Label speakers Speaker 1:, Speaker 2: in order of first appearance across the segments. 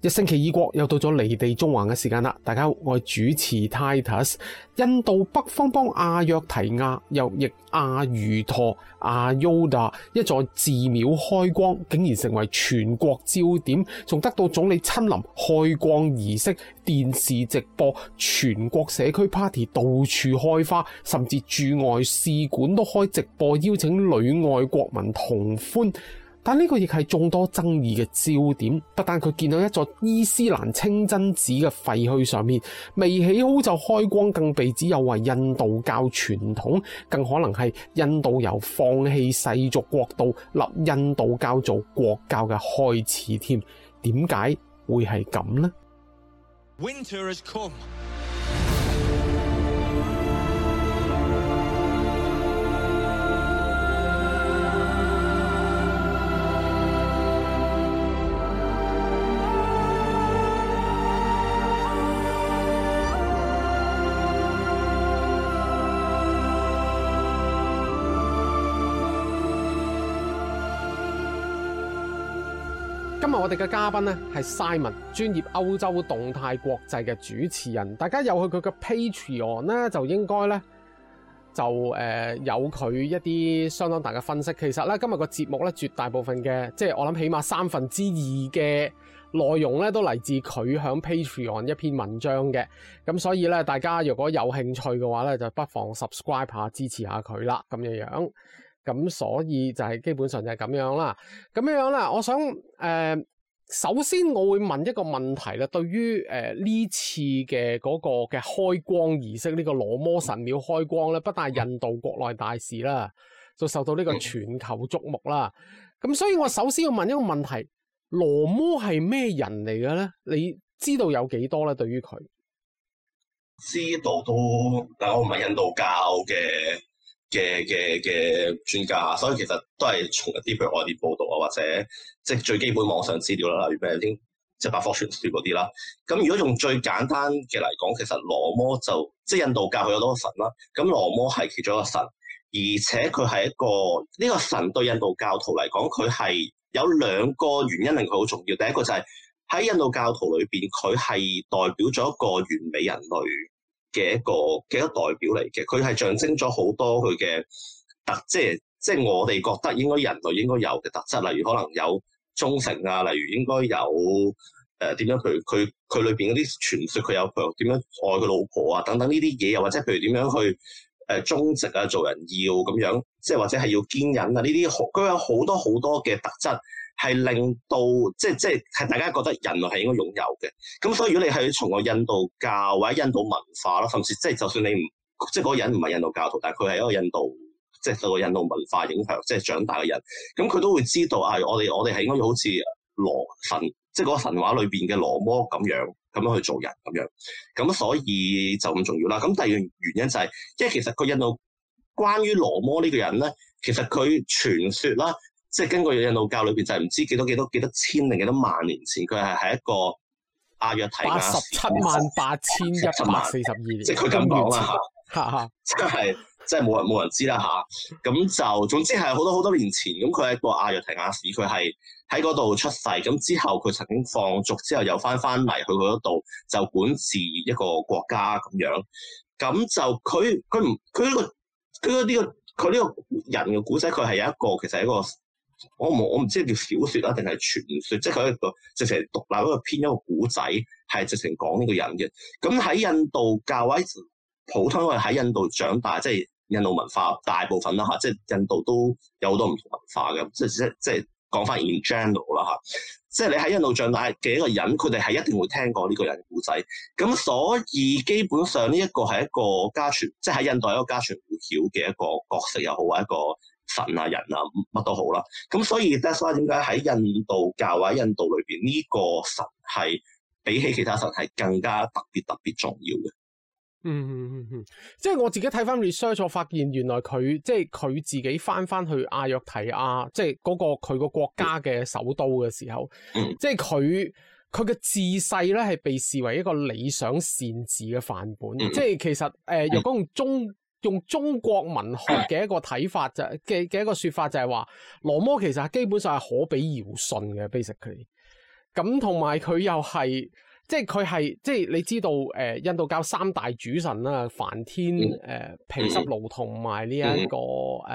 Speaker 1: 一星期二國又到咗離地縱橫嘅時間啦，大家好，我係主持 Titus。印度北方邦阿約提亞又譯阿如陀、阿尤達一座寺廟開光，竟然成為全國焦點，仲得到總理親臨開光儀式，電視直播，全國社區 party 到處開花，甚至駐外使館都開直播邀請旅外國民同歡。但呢個亦係眾多爭議嘅焦點，不但佢見到一座伊斯蘭清真寺嘅廢墟上面未起好就開光，更被指有違印度教傳統，更可能係印度由放棄世俗國度立印度教做國教嘅開始添。點解會係咁呢？我哋嘅嘉賓咧係 Simon，專頁歐洲動態國際嘅主持人。大家有去佢嘅 Patreon 咧，就應該咧就誒、呃、有佢一啲相當大嘅分析。其實咧今日個節目咧絕大部分嘅，即係我諗起碼三分之二嘅內容咧都嚟自佢響 Patreon 一篇文章嘅。咁所以咧，大家如果有興趣嘅話咧，就不妨 subscribe 下支持下佢啦。咁樣樣，咁所以就係、係、基本上就係咁樣啦。咁樣樣啦，我想誒。呃首先我會問一個問題啦，對於誒呢、呃、次嘅嗰、那個嘅開光儀式，呢、這個羅摩神廟開光咧，不但係印度國內大事啦，就受到呢個全球矚目啦。咁、嗯、所以我首先要問一個問題：羅摩係咩人嚟嘅咧？你知道有幾多咧？對於佢，
Speaker 2: 知道到，但我唔係印度教嘅。嘅嘅嘅專家，所以其實都係從一啲譬如外電報道啊，或者即係最基本網上資料啦，例如咩先即係百科全書嗰啲啦。咁如果用最簡單嘅嚟講，其實羅摩就即係印度教佢有好多神啦，咁羅摩係其中一個神，而且佢係一個呢個神對印度教徒嚟講，佢係有兩個原因令佢好重要。第一個就係喺印度教徒裏邊，佢係代表咗一個完美人類。嘅一個嘅一個代表嚟嘅，佢係象徵咗好多佢嘅特，即係即係我哋覺得應該人類應該有嘅特質，例如可能有忠誠啊，例如應該有誒點樣？譬如佢佢裏邊嗰啲傳説，佢有佢點樣愛佢老婆啊，等等呢啲嘢，又或者譬如點樣去誒忠直啊，做人要咁樣，即係或者係要堅忍啊，呢啲好，佢有好多好多嘅特質。係令到即係即係係大家覺得人類係應該擁有嘅，咁所以如果你係從個印度教或者印度文化咯，甚至即係就算你唔即係嗰個人唔係印度教徒，但係佢係一個印度即係受個印度文化影響即係長大嘅人，咁佢都會知道啊、哎，我哋我哋係應該好似羅神，即係嗰個神話裏邊嘅羅摩咁樣咁樣去做人咁樣，咁所以就咁重要啦。咁第二個原因就係、是，因為其實佢印度關於羅摩呢個人咧，其實佢傳說啦。即係根據《印度教裡面》裏邊就係唔知幾多幾多幾多千定幾多萬年前，佢係喺一個阿若提亞，八十七萬
Speaker 1: 八千一百四十二，即係
Speaker 2: 佢咁講啦，嚇嚇，真係真係冇人冇人知啦嚇。咁就總之係好多好多年前，咁佢喺一個阿若提亞市，佢係喺嗰度出世。咁之後佢曾經放逐，之後又翻翻嚟去嗰度，就管治一個國家咁樣。咁就佢佢唔佢呢個佢呢個佢呢個人嘅古仔，佢係有一個其實係一個。我唔我唔知係叫小說啊定係傳說，即係佢一個直情獨立一個編一個古仔，係直情講呢個人嘅。咁喺印度教位，普通我喺印度長大，即係印度文化大部分啦吓，即係印度都有好多唔同文化嘅，即係即係即係講翻 in general 啦吓，即係你喺印度長大嘅一個人，佢哋係一定會聽過呢個人古仔。咁所以基本上呢一個係一個家傳，即係喺印度一個家傳戶曉嘅一個角色又好，或者一個。神啊，人啊，乜都好啦，啊。咁所以 Dashar，點解喺印度教啊，喺印度裏邊呢個神係比起其他神係更加特別特別重要嘅？ 嗯嗯
Speaker 1: 嗯嗯，嗯嗯嗯嗯即係我自己睇翻 research，發現原來佢即係佢自己翻翻去阿約提亞，即係嗰個佢個國家嘅首都嘅時候，即係佢佢嘅自細咧係被視為一個理想善治嘅範本。即係其實誒，若講中。用中國文學嘅一個睇法， 法就嘅嘅一個説法就係話，羅摩其實基本上係可比堯舜嘅 basically。咁同埋佢又係，即係佢係即係你知道誒印度教三大主神啦，梵天、誒皮濕奴同埋呢一個誒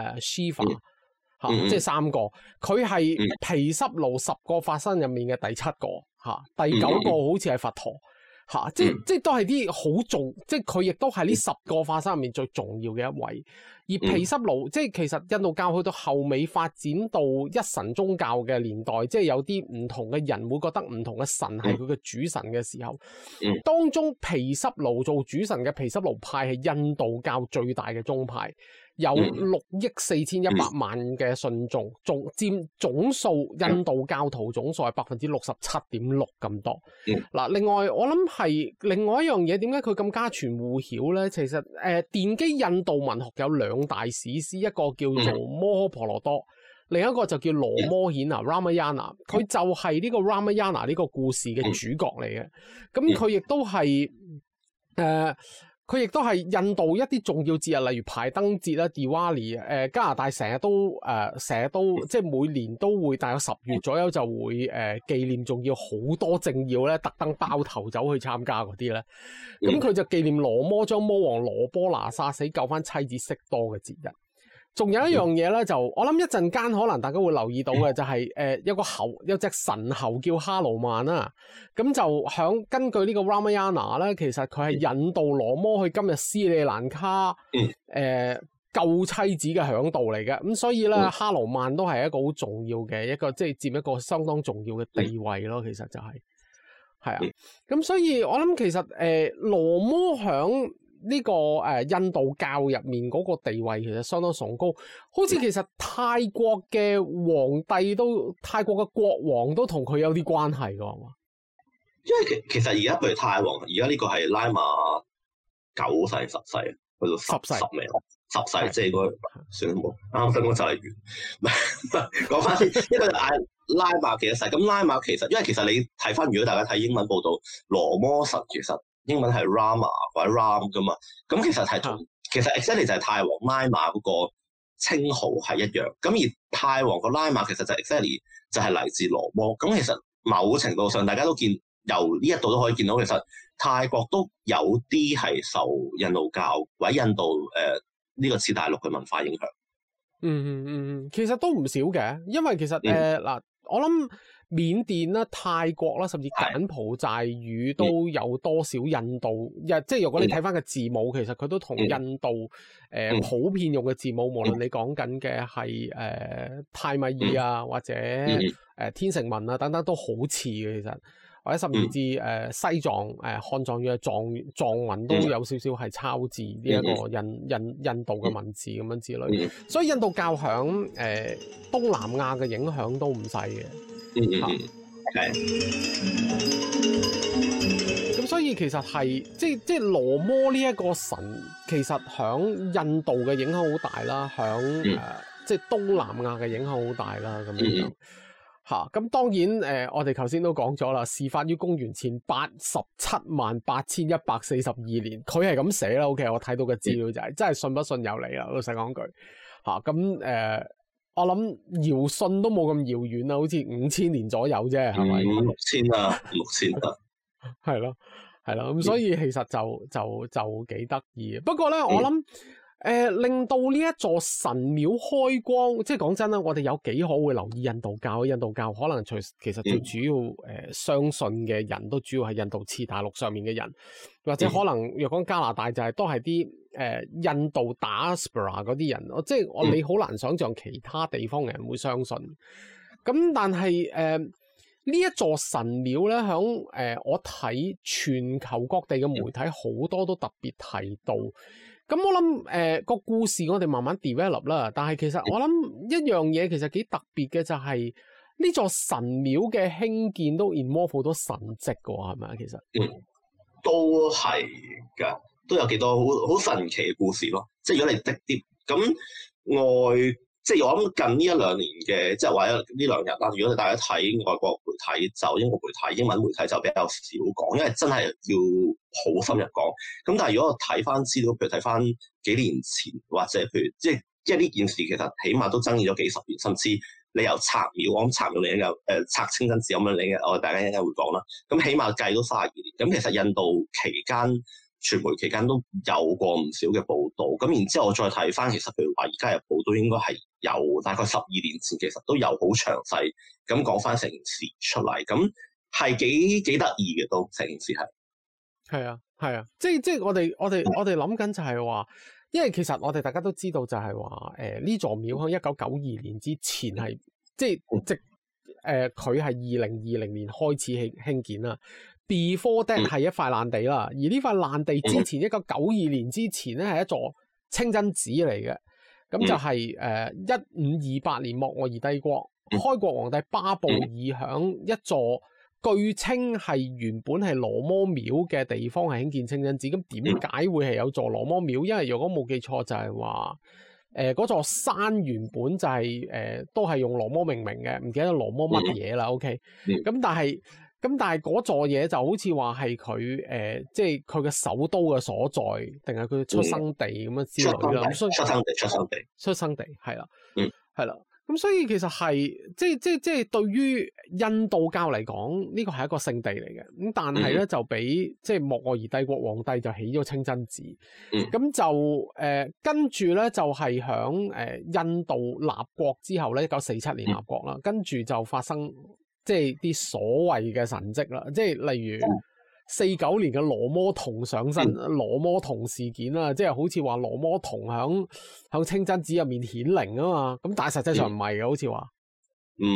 Speaker 1: Shiva
Speaker 3: 嚇，即係三
Speaker 1: 個。佢係皮濕奴十個化身入面嘅第七個嚇，第九個好似係佛陀。吓，即係即係都係啲好重，即係佢亦都係呢十個化身入面最重要嘅一位。而毗濕奴，嗯、即係其實印度教去到後尾發展到一神宗教嘅年代，即係有啲唔同嘅人會覺得唔同嘅神係佢嘅主神嘅時候，
Speaker 3: 嗯、
Speaker 1: 當中毗濕奴做主神嘅毗濕奴派係印度教最大嘅宗派。有六億四千一百萬嘅信眾，仲佔總數印度教徒總數係百分之六十七點六咁多。嗱， 另外我諗係另外一樣嘢，點解佢咁家傳戶曉呢？其實誒，奠、呃、基印度文學有兩大史詩，一個叫做《摩訶婆羅多》，另一個就叫《羅摩衍那》（Ramayana）。佢 就係呢個 Ramayana 呢個故事嘅主角嚟嘅。咁佢亦都係誒。 佢亦都係印度一啲重要節日，例如排燈節啦、Diwali 誒，加拿大成日都誒，成、呃、日都即係每年都會大約十月左右就會誒、呃、紀念，仲要好多政要咧特登包頭走去參加嗰啲咧。咁佢就紀念羅摩將魔王羅波那殺死，救翻妻子悉多嘅節日。仲有一樣嘢咧，就我諗一陣間可能大家會留意到嘅，嗯、就係、是、誒、呃、有一個猴有一隻神猴叫哈羅曼啊，咁就響根據呢個 Ramayana 咧，其實佢係引導羅摩去今日斯里蘭卡誒、嗯呃、救妻子嘅響度嚟嘅，咁所以咧、嗯、哈羅曼都係一個好重要嘅一個即係、就是、佔一個相當重要嘅地位咯，其實就係、是、係啊，咁所以我諗其實誒、呃、羅摩響呢個誒印度教入面嗰個地位其實相當崇高，好似其實泰國嘅皇帝都泰國嘅國王都同佢有啲關係㗎因為
Speaker 2: 其實而家對泰王，而家呢個係拉馬九世十世，去到十世十名十世，即係嗰算啦冇啱啱先就集完，講翻先，一個拉馬幾多世？咁拉馬其實,拉馬其實因為其實你睇翻，如果大家睇英文報道，羅摩神其實。英文係 Rama 或者 Ram 㗎嘛，咁其實係同其實 exactly 就係泰皇拉瑪嗰個稱號係一樣，咁而泰王個拉瑪其實就 exactly 就係嚟自羅摩，咁其實某程度上大家都見由呢一度都可以見到，其實泰國都有啲係受印度教或者印度誒呢、呃呢個次大陸嘅文化影響。
Speaker 3: 嗯嗯嗯，
Speaker 1: 其實都唔少嘅，因為其實誒嗱、嗯呃，我諗。緬甸啦、啊、泰國啦、啊，甚至柬埔寨語都有多少印度、嗯、即係如果你睇翻個字母，其實佢都同印度誒、呃、普遍用嘅字母，無論你講緊嘅係誒泰米爾啊，或者誒、呃、天成文啊等等，都好似嘅。其實或者甚至誒、呃、西藏誒漢、呃、藏語嘅藏藏文都有少少係抄字呢一個印印印，印度嘅文字咁樣之類，所以印度教響誒、呃、東南亞嘅影響都唔細嘅。嗯，吓係。咁 所以其實係，即係即係羅摩呢一個神，其實響印度嘅影響好大啦，響誒、呃、即係東南亞嘅影響好大啦，咁樣樣。吓，咁、 嗯、 當然誒、呃，我哋頭先都講咗啦，事發於公元前八十七萬八千一百四十二年，佢係咁寫啦。O、okay, K，我睇到嘅資料就係、是， 真係信不信由你啦。老實講句，吓咁誒。嗯嗯呃我諗堯舜都冇咁遙遠啊，好似五千年左右啫，係咪、嗯？五六
Speaker 2: 千啊、嗯、六千啊，六
Speaker 1: 千啊，係咯， 係咯，咁所以其實就、嗯、就就幾得意。不過咧，我諗。嗯誒、呃、令到呢一座神廟開光，即係講真啦，我哋有幾可會留意印度教？印度教可能除其實最主要誒、呃、相信嘅人都主要係印度次大陸上面嘅人，或者可能若講加拿大就係都係啲誒印度 Diaspora 嗰啲人，即係我你好難想象其他地方嘅人會相信。咁但係誒呢一座神廟咧，響誒、呃、我睇全球各地嘅媒體好多都特別提到。咁我諗，誒、呃、個故事我哋慢慢 develop 啦。但係其實我諗一樣嘢，其實幾特別嘅就係呢座神廟嘅興建都 involve 好多神蹟嘅喎，係咪啊？其實，嗯，
Speaker 2: 都係噶，都有幾多好好神奇嘅故事咯。即係如果你直接咁外。即係我諗近呢一兩年嘅，即係話呢呢兩日啦。如果大家睇外國媒體就，就英國媒體、英文媒體就比較少講，因為真係要好深入講。咁但係如果我睇翻資料，譬如睇翻幾年前，或者譬如即係因為呢件事其實起碼都爭議咗幾十年，甚至你由拆廟，我諗拆廟你應該誒拆清真寺咁樣，你我大家應該會講啦。咁起碼計到卅二年。咁其實印度期間，傳媒期間都有過唔少嘅報導，咁然之後我再睇翻，其實譬如話而家嘅報導應該係有大概十二年前，其實都有好詳細咁講翻成件事出嚟，咁係幾幾得意嘅都成件事係。
Speaker 1: 係啊，係啊，即係即係我哋我哋我哋諗緊就係話，因為其實我哋大家都知道就係話，誒、呃、呢座廟喺一九九二年之前係即係即誒佢係二零二零年開始興興建啦。Before that 係、嗯、一塊爛地啦，而呢塊爛地之前，一九九二年之前咧，係一座清真寺嚟嘅。咁、嗯、就係誒一五二八年莫臥兒帝國、嗯、開國皇帝巴布爾喺一座據稱係原本係羅摩廟嘅地方係興建清真寺。咁點解會係有座羅摩廟？因為如果冇記錯就係話，誒、呃、嗰座山原本就係、係、誒、呃、都係用羅摩命名嘅，唔記得羅摩乜嘢啦。OK，咁但係。咁但係嗰座嘢就好似話係佢誒，即係佢嘅首都嘅所在，定係佢出生地咁樣之類啦。出生地，出生地，出生地，係啦，係啦。咁、嗯、所以其實係即係即係即係對於印度教嚟講，呢個係一個聖地嚟嘅。咁但係咧、嗯、就俾即係莫卧兒帝國皇帝就起咗清真寺。咁、嗯、就誒跟住咧就係響誒印度立國之後咧，一九四七年立國啦，跟住就發生。即係啲所謂嘅神跡啦，即係例如四九年嘅羅摩童上身、羅摩、嗯、童事件啦、啊，即係好似話羅摩童喺喺清真寺入面顯靈啊嘛，咁但係實際上
Speaker 2: 唔係嘅，嗯、好似話，嗯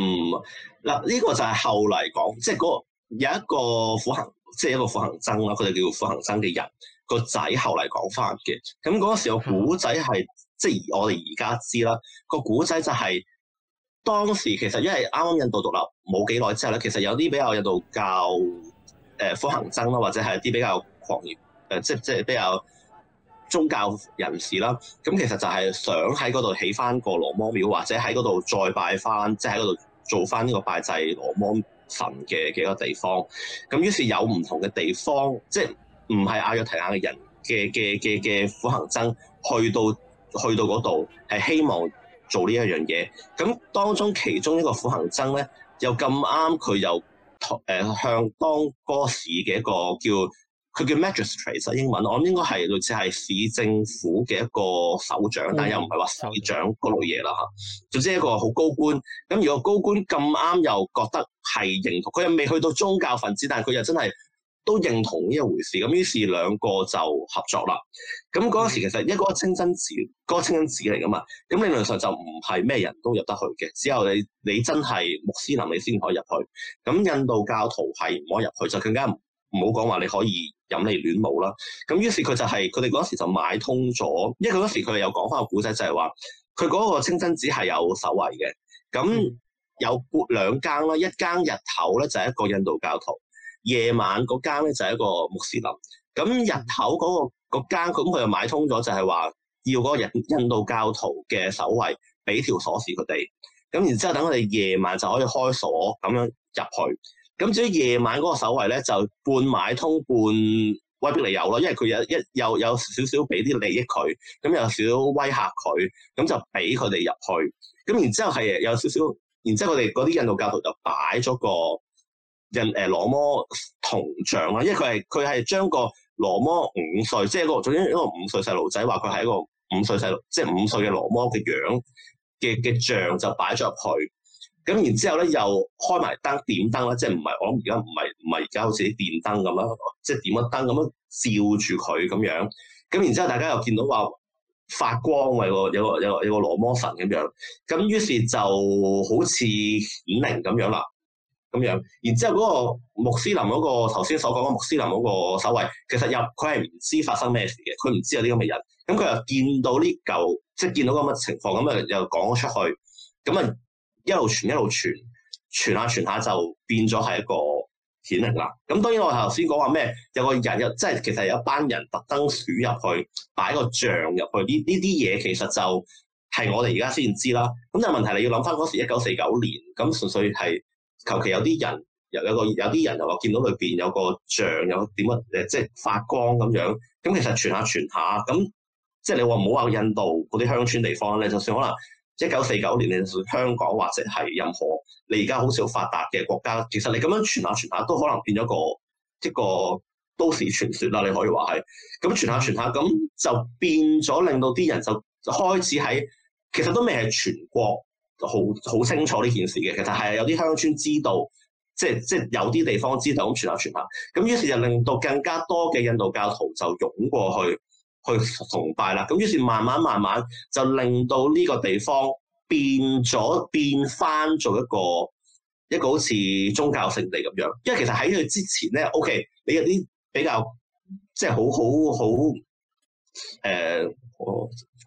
Speaker 2: 嗱呢、這個就係後嚟講，即係嗰個有一個苦行，即係一個苦行僧啦，佢哋叫做苦行僧嘅人來、那個仔後嚟講翻嘅，咁嗰時候古仔係即係我哋而家知啦，那個古仔就係、是。當時其實因為啱啱印度獨立冇幾耐之後咧，其實有啲比較印度教誒、呃、苦行僧啦、啊，或者係一啲比較狂熱誒、呃，即係即係比較宗教人士啦、啊。咁、嗯、其實就係想喺嗰度起翻個羅摩廟，或者喺嗰度再拜翻，即係喺嗰度做翻呢個拜祭羅摩神嘅一個地方。咁、嗯、於是有唔同嘅地方，即係唔係阿約提亞嘅人嘅嘅嘅嘅苦行僧去到去到嗰度，係希望。做呢一樣嘢，咁當中其中一個苦行僧咧，又咁啱佢又誒向當歌市嘅一個叫佢叫 magistrate，英文我諗應該係類似係市政府嘅一個首長，但係又唔係話首長嗰類嘢啦嚇。總之、嗯、一個好高官。咁如果高官咁啱又覺得係認同，佢又未去到宗教分子，但係佢又真係。都認同呢一回事，咁於是兩個就合作啦。咁嗰陣時其實一個清真寺，嗰、那個清真寺嚟㗎嘛，咁理論上就唔係咩人都入得去嘅，只有你你真係穆斯林你先可以入去。咁印度教徒係唔可以入去，就更加唔好講話你可以飲你亂舞啦。咁於是佢就係佢哋嗰陣時就買通咗，因為佢嗰時佢哋有講返個古仔，就係話佢嗰個清真寺係有守衞嘅，咁有兩間啦，一間日頭咧就係一個印度教徒。夜晚嗰間咧就係一個穆斯林，咁日頭嗰、嗰個間佢咁佢又買通咗，就係話要嗰個印印度教徒嘅守衞俾條鎖匙佢哋，咁然之後等佢哋夜晚就可以開鎖咁樣入去，咁至於夜晚嗰個守衞咧就半買通半威逼利誘咯，因為佢有一有有少少俾啲利益佢，咁有少少威嚇佢，咁就俾佢哋入去，咁然之後係有少少，然之後我哋嗰啲印度教徒就擺咗個。印誒、呃、羅摩銅像啦，因為佢係佢係將個羅摩五歲，即係個總之一個五歲細路仔，話佢係一個五歲細路，即係五歲嘅羅摩嘅樣嘅嘅像就擺咗入去，咁然之後咧又開埋燈點燈啦，即係唔係我諗而家唔係唔係而家好似啲電燈咁啦，即係點一燈咁樣照住佢咁樣，咁然之後大家又見到話發光，為個有一個有有個羅摩神咁樣，咁於是就好似顯靈咁樣啦。咁樣，然之後嗰個穆斯林嗰個頭先所講嘅穆斯林嗰個守衞，其實入佢係唔知發生咩事嘅，佢唔知有啲咁嘅人，咁佢又見到呢嚿，即係見到咁嘅情況，咁啊又講咗出去，咁啊一路傳一路傳，傳下傳下就變咗係一個顯靈啦。咁當然我頭先講話咩，有個人有即係其實有一班人特登鼠入去擺個像入去，呢呢啲嘢其實就係我哋而家先知啦。咁但係問題你要諗翻嗰時一九四九年，咁純粹係。求其有啲人，有個有個有啲人又話見到裏邊有個像，有點樣誒，即係發光咁樣。咁其實傳下傳下，咁即係你話唔好話印度嗰啲鄉村地方咧，就算可能一九四九年，就算香港或者係任何你而家好少發達嘅國家，其實你咁樣傳下傳下，都可能變咗個一個都市傳說啦。你可以話係咁傳下傳下，咁就變咗令到啲人就就開始喺，其實都未係全國。好好清楚呢件事嘅，其實係有啲鄉村知道，即係即係有啲地方知道咁傳下傳下，咁於是，是，是，是就令到更加多嘅印度教徒就湧過去去崇拜啦，咁於是慢慢慢慢就令到呢個地方變咗變返做一個一個好似宗教聖地咁樣，因為其實喺佢之前咧，OK 你有啲比較即係好好好誒。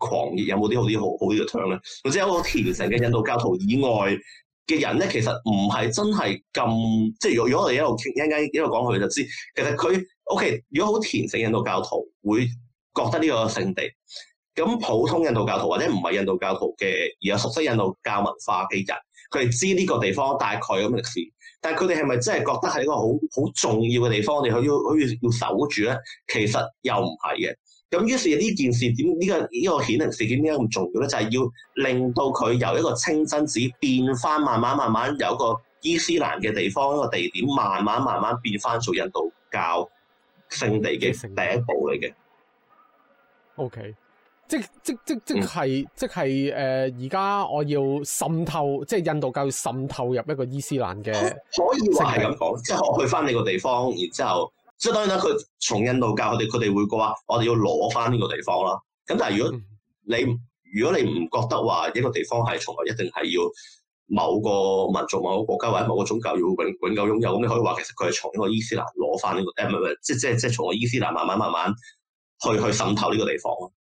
Speaker 2: 狂熱有冇啲好啲好好啲嘅唱咧？或者有個虔誠嘅印度教徒以外嘅人咧、就是，其實唔係真係咁即係。Okay, 如果如果我哋一路傾一陣間一路講佢就知，其實佢 OK。如果好虔誠印度教徒會覺得呢個聖地，咁普通印度教徒或者唔係印度教徒嘅而有熟悉印度教文化嘅人，佢哋知呢個地方大概有咩歷史，但係佢哋係咪真係覺得係一個好好重要嘅地方？我哋要好似要，要守住咧，其實又唔係嘅。咁於是呢件事點呢個呢個顯靈事件點解咁重要咧？就係、是、要令到佢由一個清真寺變翻慢慢慢慢由一個伊斯蘭嘅地方一個地點，慢慢慢慢變翻做印度教聖地嘅第一步嚟嘅。O、okay.
Speaker 1: K，即即即即係、嗯、即係誒，而、呃、家我要滲透，即係印度教要滲透入一個伊斯蘭嘅，
Speaker 2: 可以話係咁講，即係我去翻你個地方，然之後。即係當然啦，佢從印度教佢哋佢哋會話，我哋要攞翻呢個地方啦。咁但係如果你、嗯、如果你唔覺得話一個地方係從來一定係要某個民族、某個國家或者某個宗教要永永久擁有，咁你可以話其實佢係從呢個伊斯蘭攞翻呢個，唔唔係，即係即係即係從個伊斯蘭慢慢慢慢去去滲透呢個地方。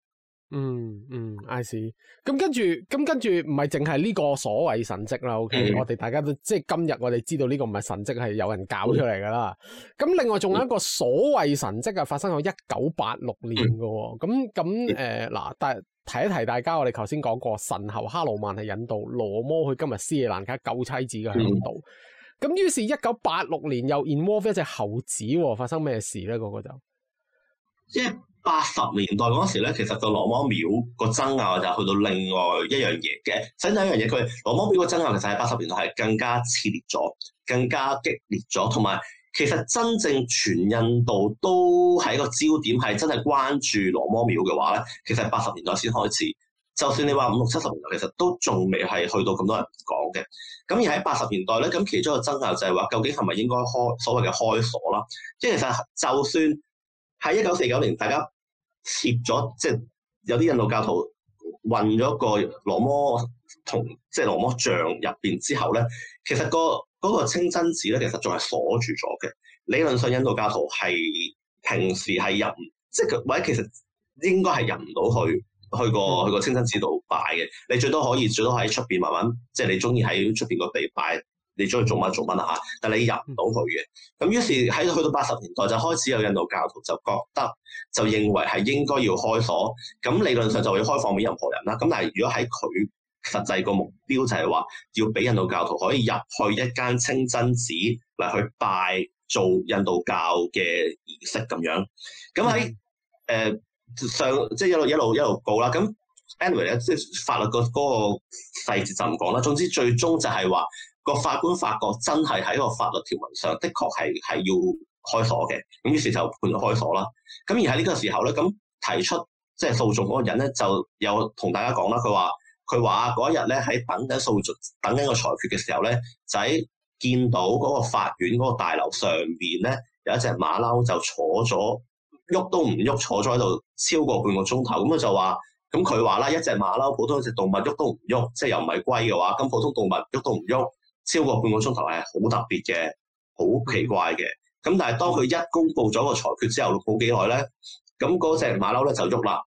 Speaker 1: 嗯嗯，I see，咁跟住，咁跟住，唔係淨係呢個所謂神蹟啦，OK，我哋大家都即係今日我哋知道呢個唔係神迹，係有人搞出嚟噶啦。咁、mm hmm. 另外仲有一個所謂神蹟啊，發生喺一九八六年噶、哦，咁咁誒，嗱、hmm.，提、呃、提一提大家，我哋頭先講過神猴哈努曼係引導羅摩去今日斯里蘭卡救妻子嘅嚮導。咁於、mm hmm. 是，一九八六年又 involve 一隻猴子、哦，發生咩事咧？嗰、個就、
Speaker 2: yeah. 八十年代嗰時咧，其實個羅摩廟個爭拗就去到另外一樣嘢嘅。真正一樣嘢，佢羅摩廟個爭拗其實喺八十年代係更加激烈咗、更加激烈咗。同埋其實真正全印度都係一個焦點，係真係關注羅摩廟嘅話咧，其實八十年代先開始。就算你話五六七十年代，其實都仲未係去到咁多人講嘅。咁而喺八十年代咧，咁其中一個爭拗就係話，究竟係咪應該開所謂嘅開鎖啦？即係其實就算。喺一九四九年，大家貼咗即係有啲印度教徒混咗個羅摩同即係羅摩像入邊之後咧，其實個嗰個清真寺咧，其實仲係鎖住咗嘅。理論上印度教徒係平時係入，即係或者其實應該係入唔到去去個去個清真寺度拜嘅。你最多可以最多喺出邊慢慢，即係你中意喺出邊個地拜。你中意做乜做乜啊嚇！但係你入唔到去嘅，咁於是喺去到八十年代就開始有印度教徒就覺得就認為係應該要開鎖，咁理論上就會開放俾任何人啦。咁但係如果喺佢實際個目標就係話要俾印度教徒可以入去一間清真寺嚟去拜做印度教嘅儀式咁樣。咁喺誒上即係、就是、一路一路一路告啦。咁 anyway 咧，即係法律個嗰、那個細節就唔講啦。總之最終就係話。個法官發覺真係喺個法律條文上的確係係要開鎖嘅，咁於是就判開鎖啦。咁而喺呢個時候咧，咁提出即係、就是、訴訟嗰個人咧，就有同大家講啦，佢話佢話嗰一日咧喺等緊訴訟、等緊個裁決嘅時候咧，就喺見到嗰個法院嗰個大樓上邊咧有一隻馬騮就坐咗喐都唔喐，坐咗喺度超過半個鐘頭。咁啊就話，咁佢話啦，一隻馬騮普通一隻動物喐都唔喐，即係又唔係龜嘅話，咁普通動物喐都唔喐。超過半個鐘頭係好特別嘅，好奇怪嘅。咁但係當佢一公布咗個裁決之後，冇幾耐咧，咁嗰隻馬騮咧就喐啦，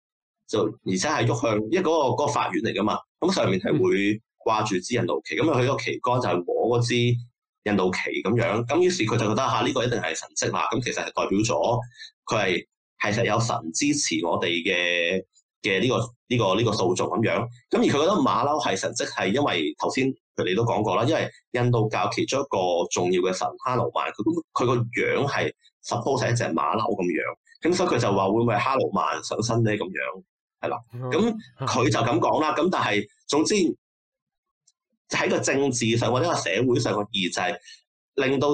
Speaker 2: 就而且係喐向，因為嗰、嗰個嗰個法院嚟㗎嘛。咁上面係會掛住支印度旗，咁佢去個旗杆就係攞嗰支印度旗咁樣。咁於是佢就覺得嚇呢、啊呢個一定係神跡啦。咁其實係代表咗佢係係實有神支持我哋嘅嘅呢個呢、呢個呢、呢個訴訟咁樣。咁而佢覺得馬騮係神跡係因為頭先。你都講過啦，因為印度教其中一個重要嘅神哈羅曼，佢佢個樣係 suppose 成隻馬騮咁樣，咁所以佢就話會唔會係哈羅曼上身咧咁樣，係啦，
Speaker 3: 咁佢、嗯嗯、
Speaker 2: 就咁講啦，咁但係總之喺個政治上或者個社會上個意義就係令到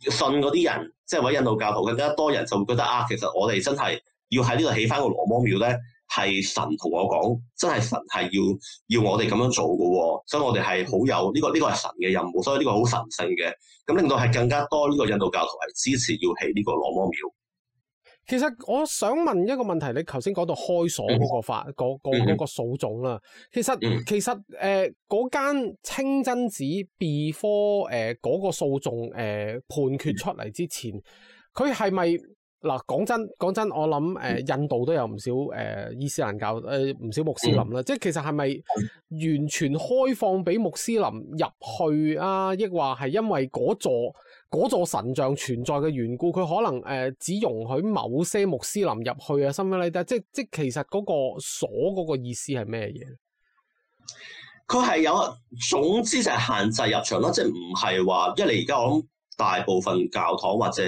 Speaker 2: 信嗰啲人，即係揾印度教徒更加多人就會覺得啊，其實我哋真係要喺呢度起翻個羅摩廟咧。係神同我講，真係神係要要我哋咁樣做噶、哦，所以我哋係好有呢、這個呢、這個係神嘅任務，所以呢個好神聖嘅。咁令到係更加多呢個印度教徒係支持要起呢個羅摩廟。
Speaker 1: 其實我想問一個問題，你頭先講到開鎖嗰個法，嗰、mm hmm. 嗰個嗰、嗰個訴訟啦，其實、mm hmm. 其實誒嗰間清真寺避科誒嗰個訴訟誒判決出嚟之前，佢係咪？Hmm. 嗱，講真講真，我諗誒，印度都有唔少誒、呃、伊斯蘭教誒唔、呃、少穆斯林啦。嗯、即係其實係咪完全開放俾穆斯林入去啊？亦話係因為嗰座嗰座神像存在嘅緣故，佢可能誒、呃、只容許某些穆斯林入去啊，咁樣咧。即即其實嗰個鎖嗰個意思係咩嘢？
Speaker 2: 佢係有總之就係限制入場咯，即係唔係話一嚟而家我諗大部分教堂或者。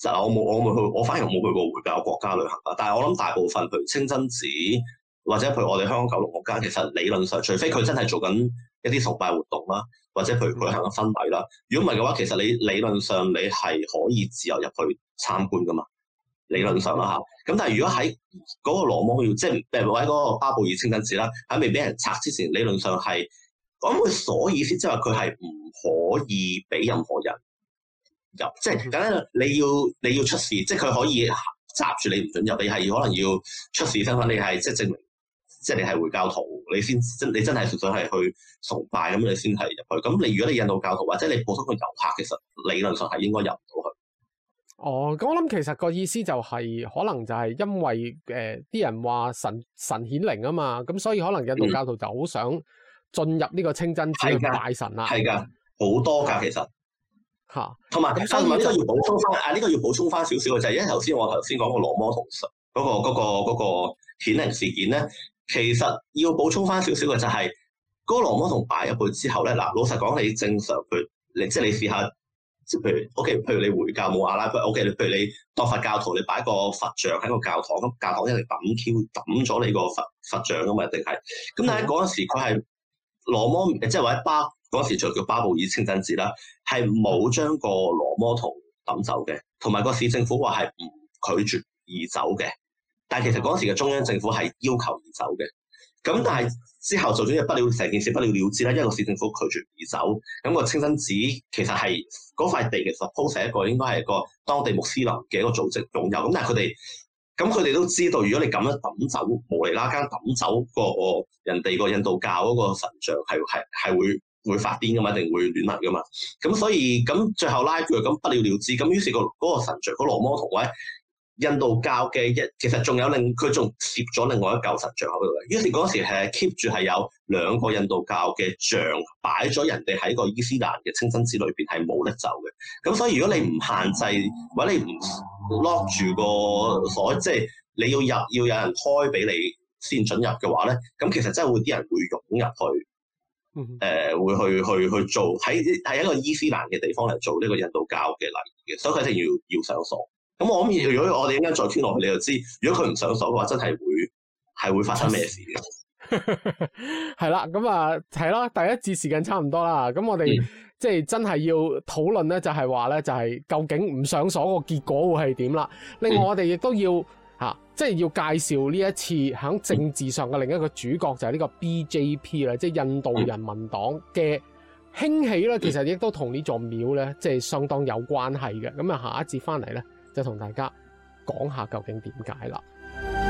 Speaker 2: 就我冇我冇去，我反而冇去過回教國家旅行。但係我諗大部分譬如清真寺或者去我哋香港九龍國家，其實理論上，除非佢真係做緊一啲崇拜活動啦，或者譬如舉行嘅婚禮啦，如果唔係嘅話，其實你理論上你係可以自由入去參觀噶嘛。理論上啦嚇，咁但係如果喺嗰個羅摩廟，即係喺嗰個巴布爾清真寺啦，喺未俾人拆之前，理論上係咁，我所以先即係話佢係唔可以俾任何人。入即係簡你要你要出事，即係佢可以閘住你唔准入。你係可能要出示身份你，你係即係證明，即係你係回教徒，你先真你真係純粹係去崇拜咁，你先係入去。咁你如果你印度教徒或者你普通嘅遊客，其實理論上係應該入唔到去。哦，
Speaker 1: 咁我諗其實個意思就係、是、可能就係因為誒啲、呃、人話神神顯靈啊嘛，咁所以可能印度教徒就好想進入呢個清
Speaker 2: 真寺拜神啦，係噶好多噶，其實。嚇，同埋啊，同呢個要補充翻啊，呢個要補充翻少少嘅就係，因為頭先我頭先講個羅摩同實嗰個嗰、嗰個顯靈事件咧，其實要補充翻少少嘅就係，嗰個羅摩同擺入去之後咧，嗱老實講你正常去，你即係你試下，即係譬如 O K，譬如你回教冇阿拉伯，O K，你譬如你當佛教徒，你擺個佛像喺個教堂，咁教堂一定抌 Q 抌咗你個佛佛像噶嘛，定係？咁但係嗰陣時佢係羅摩，即係話喺巴。嗰時就叫巴布爾清真寺啦，係冇將個羅摩圖抌走嘅，同埋個市政府話係唔拒絕移走嘅。但係其實嗰時嘅中央政府係要求移走嘅。咁但係之後，就算係不了成件事不了了之啦，因為市政府拒絕移走，咁個清真寺其實係嗰塊地其實 suppose 一個應該係個當地穆斯林嘅一個組織擁有。咁但係佢哋，咁佢哋都知道，如果你咁樣抌走，無厘啦更抌走個人哋個印度教嗰個神像，係係係會。會發癲噶嘛，一定會亂嚟噶嘛？咁所以咁最後拉住佢，咁不了了之。咁於是個嗰神像，嗰羅摩同位，印度教嘅一，其實仲有令佢仲 keep 咗另外一嚿神像喺度嘅。於是嗰時係 keep 住係有兩個印度教嘅像擺咗人哋喺個伊斯蘭嘅清真寺裏邊，係冇得走嘅。咁所以如果你唔限制，或者你唔 lock 住個所，即係你要入要有人開俾你先准入嘅話咧，咁其實真係會啲人會湧入去。誒、嗯呃，會去去去做喺喺一個伊斯蘭嘅地方嚟做呢個印度教嘅禮嘅，所以佢一定要要上鎖。咁我諗，如果我哋依家再傾落去，你就知，如果佢唔上鎖嘅話，真係會係會發生咩事
Speaker 1: 嘅。係啦， 咁啊，係咯，第一節時間差唔多啦。咁我哋即係真係要討論咧，就係話咧，就係、是、究竟唔上鎖個結果會係點啦。另外，我哋亦都要。即係要介紹呢一次喺政治上嘅另一個主角就係呢個 BJP 啦，即係印度人民黨嘅興起咧，其實亦都同呢座廟咧，即係相當有關係嘅。咁啊，下一節翻嚟咧就同大家講下究竟點解啦。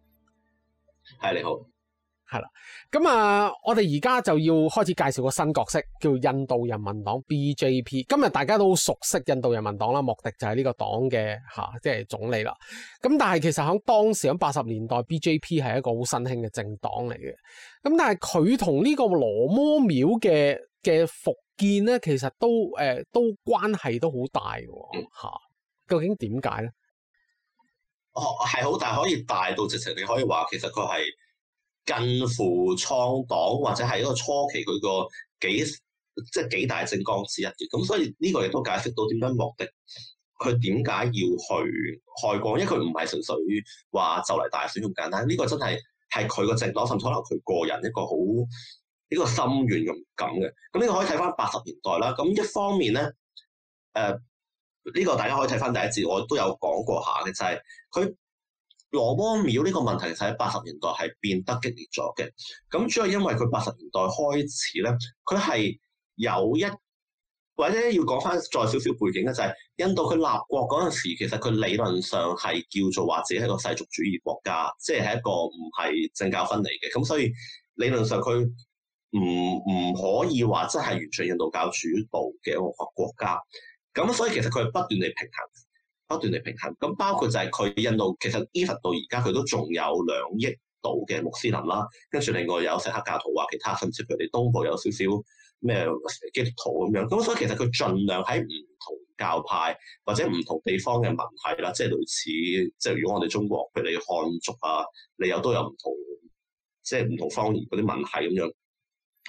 Speaker 2: 係
Speaker 1: 你好，係啦，咁啊，我哋而家就要開始介紹個新角色，叫印度人民黨 BJP。今日大家都好熟悉印度人民黨啦，莫迪就係呢個黨嘅吓，即、啊、係、就是、總理啦。咁、啊、但係其實響當時響八十年代，BJP 係一個好新興嘅政黨嚟嘅。咁、啊、但係佢同呢個羅摩廟嘅嘅復建咧，其實都誒、呃、都關係都好大嘅。吓、啊啊，究竟點解咧？
Speaker 2: 哦，係好，但係可以大到直情，你可以話其實佢係近乎創黨或者係一個初期佢個幾即係幾大政綱之一嘅。咁、嗯、所以呢個亦都解釋到點解莫迪，佢點解要去開光，因為佢唔係純粹於話就嚟大選咁簡單。呢、這個真係係佢個政黨，甚至可能佢個人一個好呢個心願咁感嘅。咁、嗯、呢、這個可以睇翻八十年代啦。咁、嗯、一方面咧，誒、呃。呢個大家可以睇翻第一節，我都有講過下嘅就係、是、佢羅摩廟呢個問題，其實喺八十年代係變得激烈咗嘅。咁主要因為佢八十年代開始咧，佢係有，一或者要講翻再少少背景咧，就係、是、印度佢立國嗰陣時，其實佢理論上係叫做話自己係個世俗主義國家，即係係一個唔係政教分離嘅。咁所以理論上佢唔唔可以話真係完全印度教主導嘅一個國家。咁所以其實佢係不斷地平衡，不斷地平衡。咁包括就係佢印度其實 even 到而家佢都仲有兩億度嘅穆斯林啦，跟住另外有錫克教徒或、啊、其他甚至佢哋東部有少少咩基督徒咁樣。咁所以其實佢盡量喺唔同教派或者唔同地方嘅文系啦，即係類似即係如果我哋中國譬如你漢族啊，你有都有唔同即係唔同方言嗰啲文系咁樣，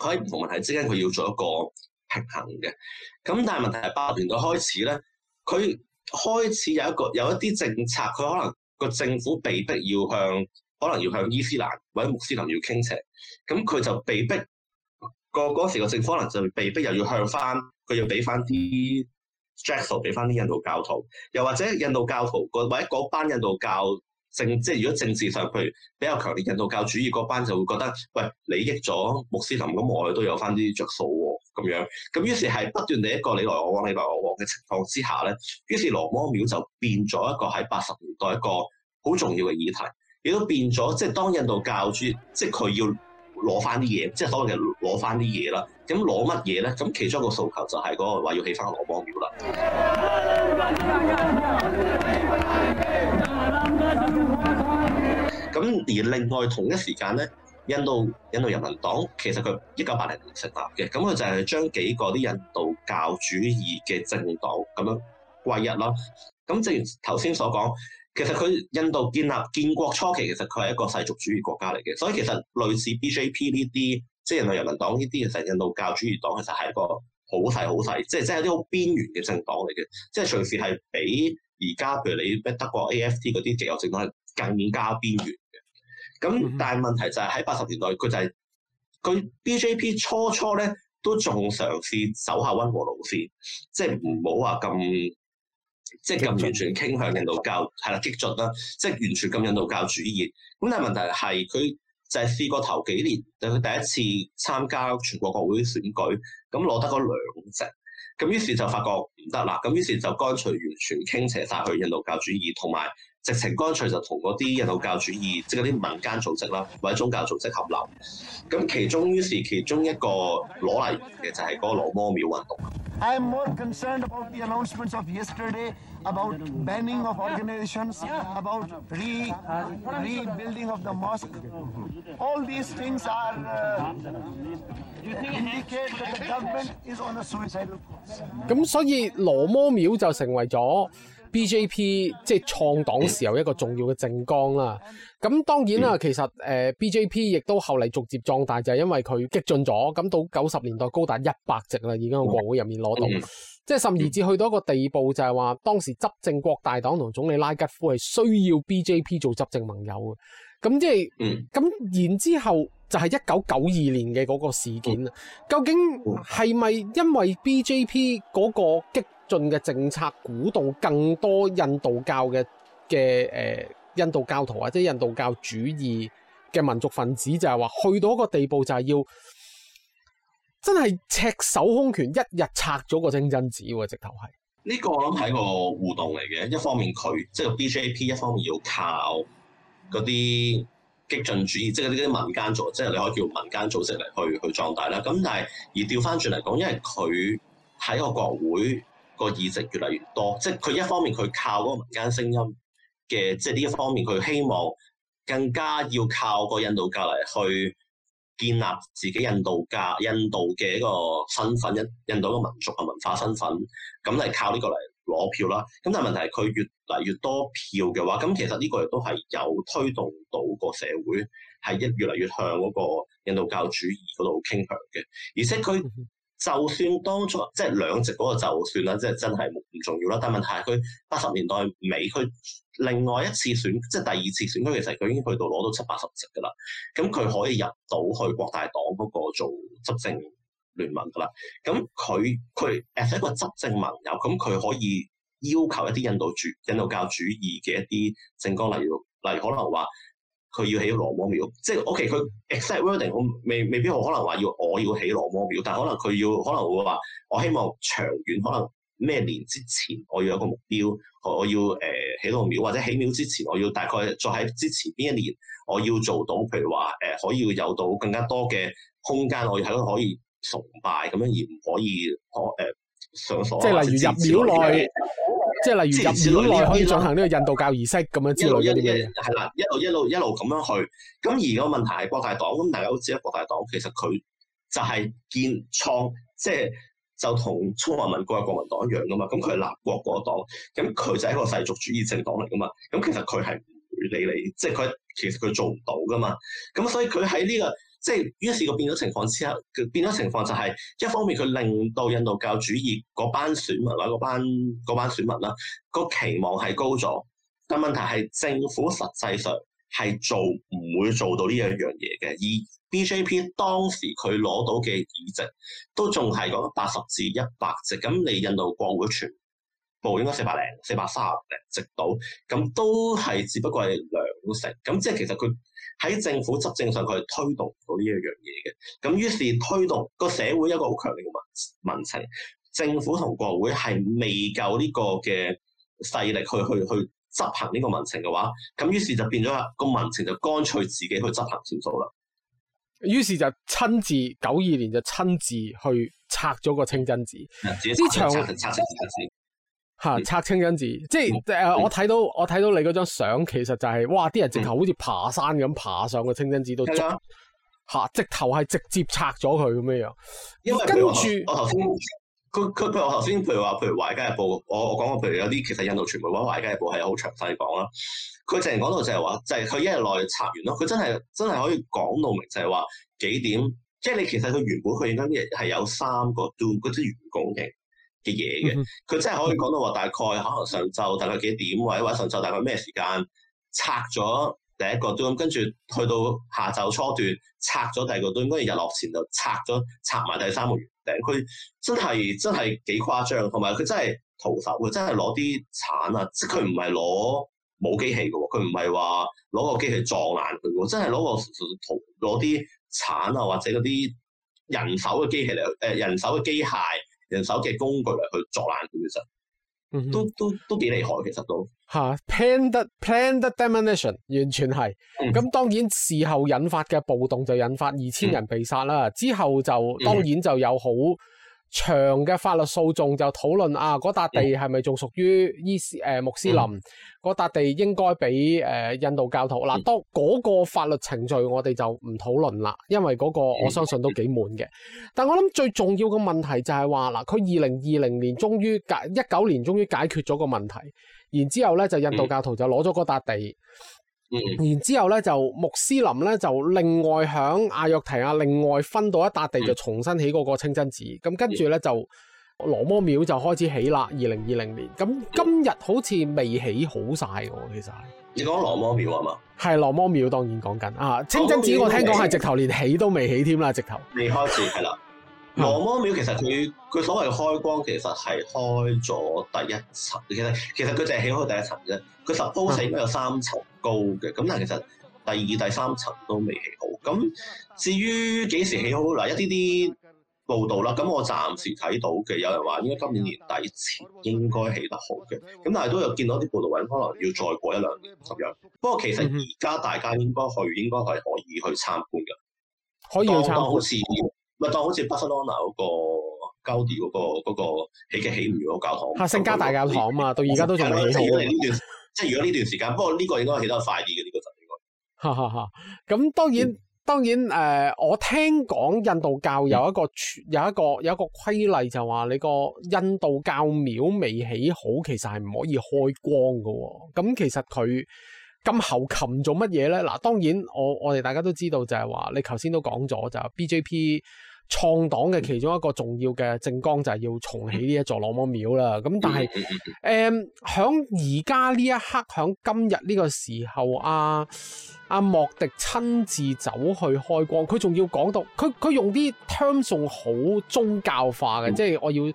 Speaker 2: 佢喺唔同文系之間佢要做一個。平衡嘅，咁但係問題係，八十年代開始咧，佢開始有一個有一啲政策，佢可能個政府被逼要向，可能要向伊斯蘭或者穆斯林要傾斜，咁佢就被逼個嗰時個政府可能就被逼又要向翻，佢要俾翻啲著數俾翻啲印度教徒，又或者印度教徒或者嗰班印度教政，即係如果政治上譬如比較強烈印度教主義嗰班就會覺得，喂，你益咗穆斯林咁，我都有翻啲著數喎。咁樣，咁於是係不斷地一個你來我往，你來我往嘅情況之下咧，於是羅摩廟就變咗一個喺八十年代一個好重要嘅議題，亦都變咗即係當印度教主，即係佢要攞翻啲嘢，即係所謂嘅攞翻啲嘢啦。咁攞乜嘢咧？咁其中一個訴求就係嗰個話要起翻羅摩廟啦。咁而另外同一時間咧。印度印度人民黨其實佢一九八零年成立嘅，咁、嗯、佢就係將幾個啲印度教主義嘅政黨咁樣歸一啦。咁、嗯、正如頭先所講，其實佢印度建立建國初期，其實佢係一個世俗主義國家嚟嘅。所以其實類似 BJP 呢啲，即係印度人民黨呢啲，其實印度教主義黨其實係一個好細好細，即係即係有啲好邊緣嘅政黨嚟嘅，即係隨時係比而家譬如你德國 AFD 嗰啲極右政黨係更加邊緣。咁、嗯、但係問題就係喺八十年代，佢就係、是、佢 BJP 初初咧都仲嘗試走下溫和路線，即係唔好話咁即係咁完全傾向印度教，係啦激進啦，即係、就是、完全咁印度教主義。咁但係問題係佢就係試過頭幾年，就佢、是、第一次參加全國國會選舉，咁攞得嗰兩席，咁於是就發覺唔得啦，咁於是就乾脆完全傾斜晒去印度教主義同埋。直情乾脆就同嗰啲印度教主義，即係嗰啲民間組織啦，或者宗教組織合流。咁其中於是其中一個攞嚟嘅就係嗰個羅摩廟運
Speaker 3: 動。I am more concerned about the announcements of yesterday, about banning of organizations, about rebuilding of the mosque. All these things are, you think that the government is on a suicidal course. 咁所以
Speaker 1: 羅摩廟就成為咗。B J P 即係創黨時候一個重要嘅政綱啦，咁當然啦，嗯、其實誒、呃、B J P 亦都後嚟逐漸壯大，就係、是、因為佢激進咗，咁到九十年代高達一百席啦，已經喺國會入面攞到，嗯、即係甚至至去到一個地步，就係、是、話當時執政國大黨同總理拉吉夫係需要 B J P 做執政盟友嘅，咁即係，咁、嗯、然之後就係一九九二年嘅嗰個事件啊，嗯、究竟係咪因為 B J P 嗰個激進嘅政策，鼓動更多印度教嘅嘅誒印度教徒或者印度教主義嘅民族分子就，就係話去到一個地步，就係要真係赤手空拳一日拆咗個清真寺喎，直頭係，
Speaker 2: 呢個我諗係一個互動嚟嘅。一方面佢即係 BJP，一方面要靠嗰啲激進主義，即係嗰啲民間組，即係你可以叫民間組織嚟去去壯大啦。咁但係而調返轉嚟講，因為佢喺個國會。個議席越嚟越多，即係佢一方面佢靠嗰個民間聲音嘅，即係呢一方面佢希望更加要靠個印度教嚟去建立自己印度教、印度嘅一個身份、印印度嘅民族嘅文化身份，咁係靠呢個嚟攞票啦。咁但係問題係佢越嚟越多票嘅話，咁其實呢個亦都係有推動到個社會係一越嚟越向嗰個印度教主義嗰度傾向嘅，而且佢。就算當初即係兩席嗰個就算啦，即係真係唔重要啦。但係問題係佢八十年代尾，佢另外一次選即係第二次選舉嘅時候，佢已經去到攞到七八十席㗎啦。咁佢可以入到去國大黨嗰個做執政聯盟㗎啦。咁佢佢係一個執政盟友，咁佢可以要求一啲印度主印度教主義嘅一啲政綱，例如例如可能話。佢要起羅摩廟，即係 OK。佢 exact wording，我未未必，未必可能話要我要起羅摩廟，但可能佢要可能會話，我希望長遠可能咩年之前我要有個目標，我要誒、呃、起個廟，或者起廟之前我要大概再喺之前邊一年我要做到，譬如話誒、呃、可以有到更加多嘅空間，我要喺度可以崇拜咁樣，而唔可以可、呃、上崇拜。即係例如入廟內。
Speaker 1: 即係例如入寺內可以進行呢個印度教儀式咁樣之類嘅嘢，係
Speaker 2: 啦， 一路一路一路咁樣去。咁而個問題係國大黨，咁大家都知道國大黨其實佢就係建創，即係就同、是、中華民國嘅國民黨一樣噶嘛。咁佢係立國嗰黨，咁佢就係一個世俗主義政黨嚟噶嘛。咁其實佢係唔會理你，即係佢其實佢做唔到噶嘛。咁所以佢喺呢個。即係於是個變咗情況之下，佢變咗情況就係一方面佢令到印度教主義嗰班選民啦、嗰班班選民啦個期望係高咗，但問題係政府實際上係做唔會做到呢一樣嘢嘅，而 BJP 當時佢攞到嘅議席都仲係講八十至一百席，咁你印度國會全部應該四百零四百三十零直到，咁都係只不過係兩成，咁即係其實佢喺政府執政上，佢係推動唔到呢一樣嘢嘅。咁於是推動個社會一個好強烈嘅民情，政府同國會係未夠呢個嘅勢力去去去執行呢個民情嘅話，咁於是就變咗個民情就乾脆自己去執行少數啦。
Speaker 1: 於是就親自九二年就親自去拆咗個清真寺，嗯、拆清真寺。場吓、啊、拆清真寺，嗯、即係誒、呃嗯，我睇到我睇到你嗰張相，其實就係、是、哇，啲人直頭好似爬山咁爬上個清真寺度，吓、嗯啊、直頭係直接拆咗佢咁樣樣。
Speaker 2: 啊、因為跟住我頭先佢佢譬如我頭先譬如話，譬如《華爾街日報》我，我我講過譬如有啲其實印度傳媒話《華爾街日報》係好詳細講啦。佢淨係講到就係話，就係、是、佢一日內拆完咯。佢真係真係可以講到明，就係話幾點？即係你其實佢原本佢而家係有三個 do 嗰啲員工嘅。嘅嘢嘅，佢 真係可以講到話大概可能、呃、上晝大概幾點位，或者上晝大概咩時間拆咗第一個都，跟住去到下晝初段拆咗第二個都，應該係日落前就拆咗拆埋第三個圓頂。佢真係真係幾誇張，同埋佢真係徒手，真係攞啲鏟啊，即係佢唔係攞冇機器嘅喎，佢唔係話攞個機器撞爛佢，真係攞個徒攞啲鏟啊或者嗰啲人手嘅機器嚟，誒、呃、人手嘅機械。用手嘅工具嚟，去作難佢嘅時候都都都幾厲害，其實都
Speaker 1: 嚇 plan the plan the demolition 完全係。咁、嗯、當然事後引發嘅暴動就引發二千人被殺啦，嗯、之後就當然就有好嗯長嘅法律訴訟就討論啊，嗰笪地係咪仲屬於伊斯、誒、呃、穆斯林？嗰笪、嗯、地應該俾誒印度教徒嗱，嗯、當嗰個法律程序我哋就唔討論啦，因為嗰個我相信都幾悶嘅。嗯、但我諗最重要嘅問題就係話，嗱，佢二零二零年終於解一九年終於解決咗個問題，然之後呢就印度教徒就攞咗嗰笪地。嗯嗯嗯、然之後咧，就穆斯林咧就另外喺阿約提亞另外分到一笪地，就重新起嗰個清真寺。咁跟住咧就羅摩廟就開始起啦。二零二零年咁、嗯嗯、今日好似未起好晒喎，其實係你
Speaker 2: 講羅摩廟啊嘛？
Speaker 1: 係羅摩廟，廟當然講緊啊清真寺。我聽講係直頭連起都未起添啦，直頭
Speaker 2: 未、嗯、開始係啦。羅摩 廟其實佢佢所謂開光其實係開咗第一層，其實其實佢淨係起開第一層啫。佢實鋪死，應有三層。高嘅，咁但係其實第二、第三層都未起好。咁至於幾時起好嗱，一啲啲報導啦。咁我暫時睇到嘅，有人話應該今年年底前應該起得好嘅。咁但係都有見到啲報導話，可能要再過一兩年咁樣。不過其實而家大家應該去，應該係可以去參觀嘅。可以去參觀。好似唔係當好似巴塞隆納嗰、嗰個高迪嗰個起嘅起唔完嗰個教堂。嚇！聖家大教堂啊嘛，到而家都仲起唔即係如
Speaker 1: 果呢段時間，不過呢個應該起得快啲嘅，呢個就應該，咁 當然、嗯、當然誒、呃，我聽講印度教有一個有一個有一個規例就話你個印度教廟未起好，其實係唔可以開光嘅、哦。咁其實佢咁猴擒做乜嘢咧？嗱，當然我我哋大家都知道就係話你頭先都講咗就 BJP。創黨嘅其中一個重要嘅政綱，就係要重起呢一座羅摩廟啦。咁但係，誒、 嗯，響而家呢一刻，響今日呢個時候，阿、啊、阿、啊、莫迪親自走去開光，佢仲要講到，佢佢用啲 terms 好宗教化嘅， 即係我要誒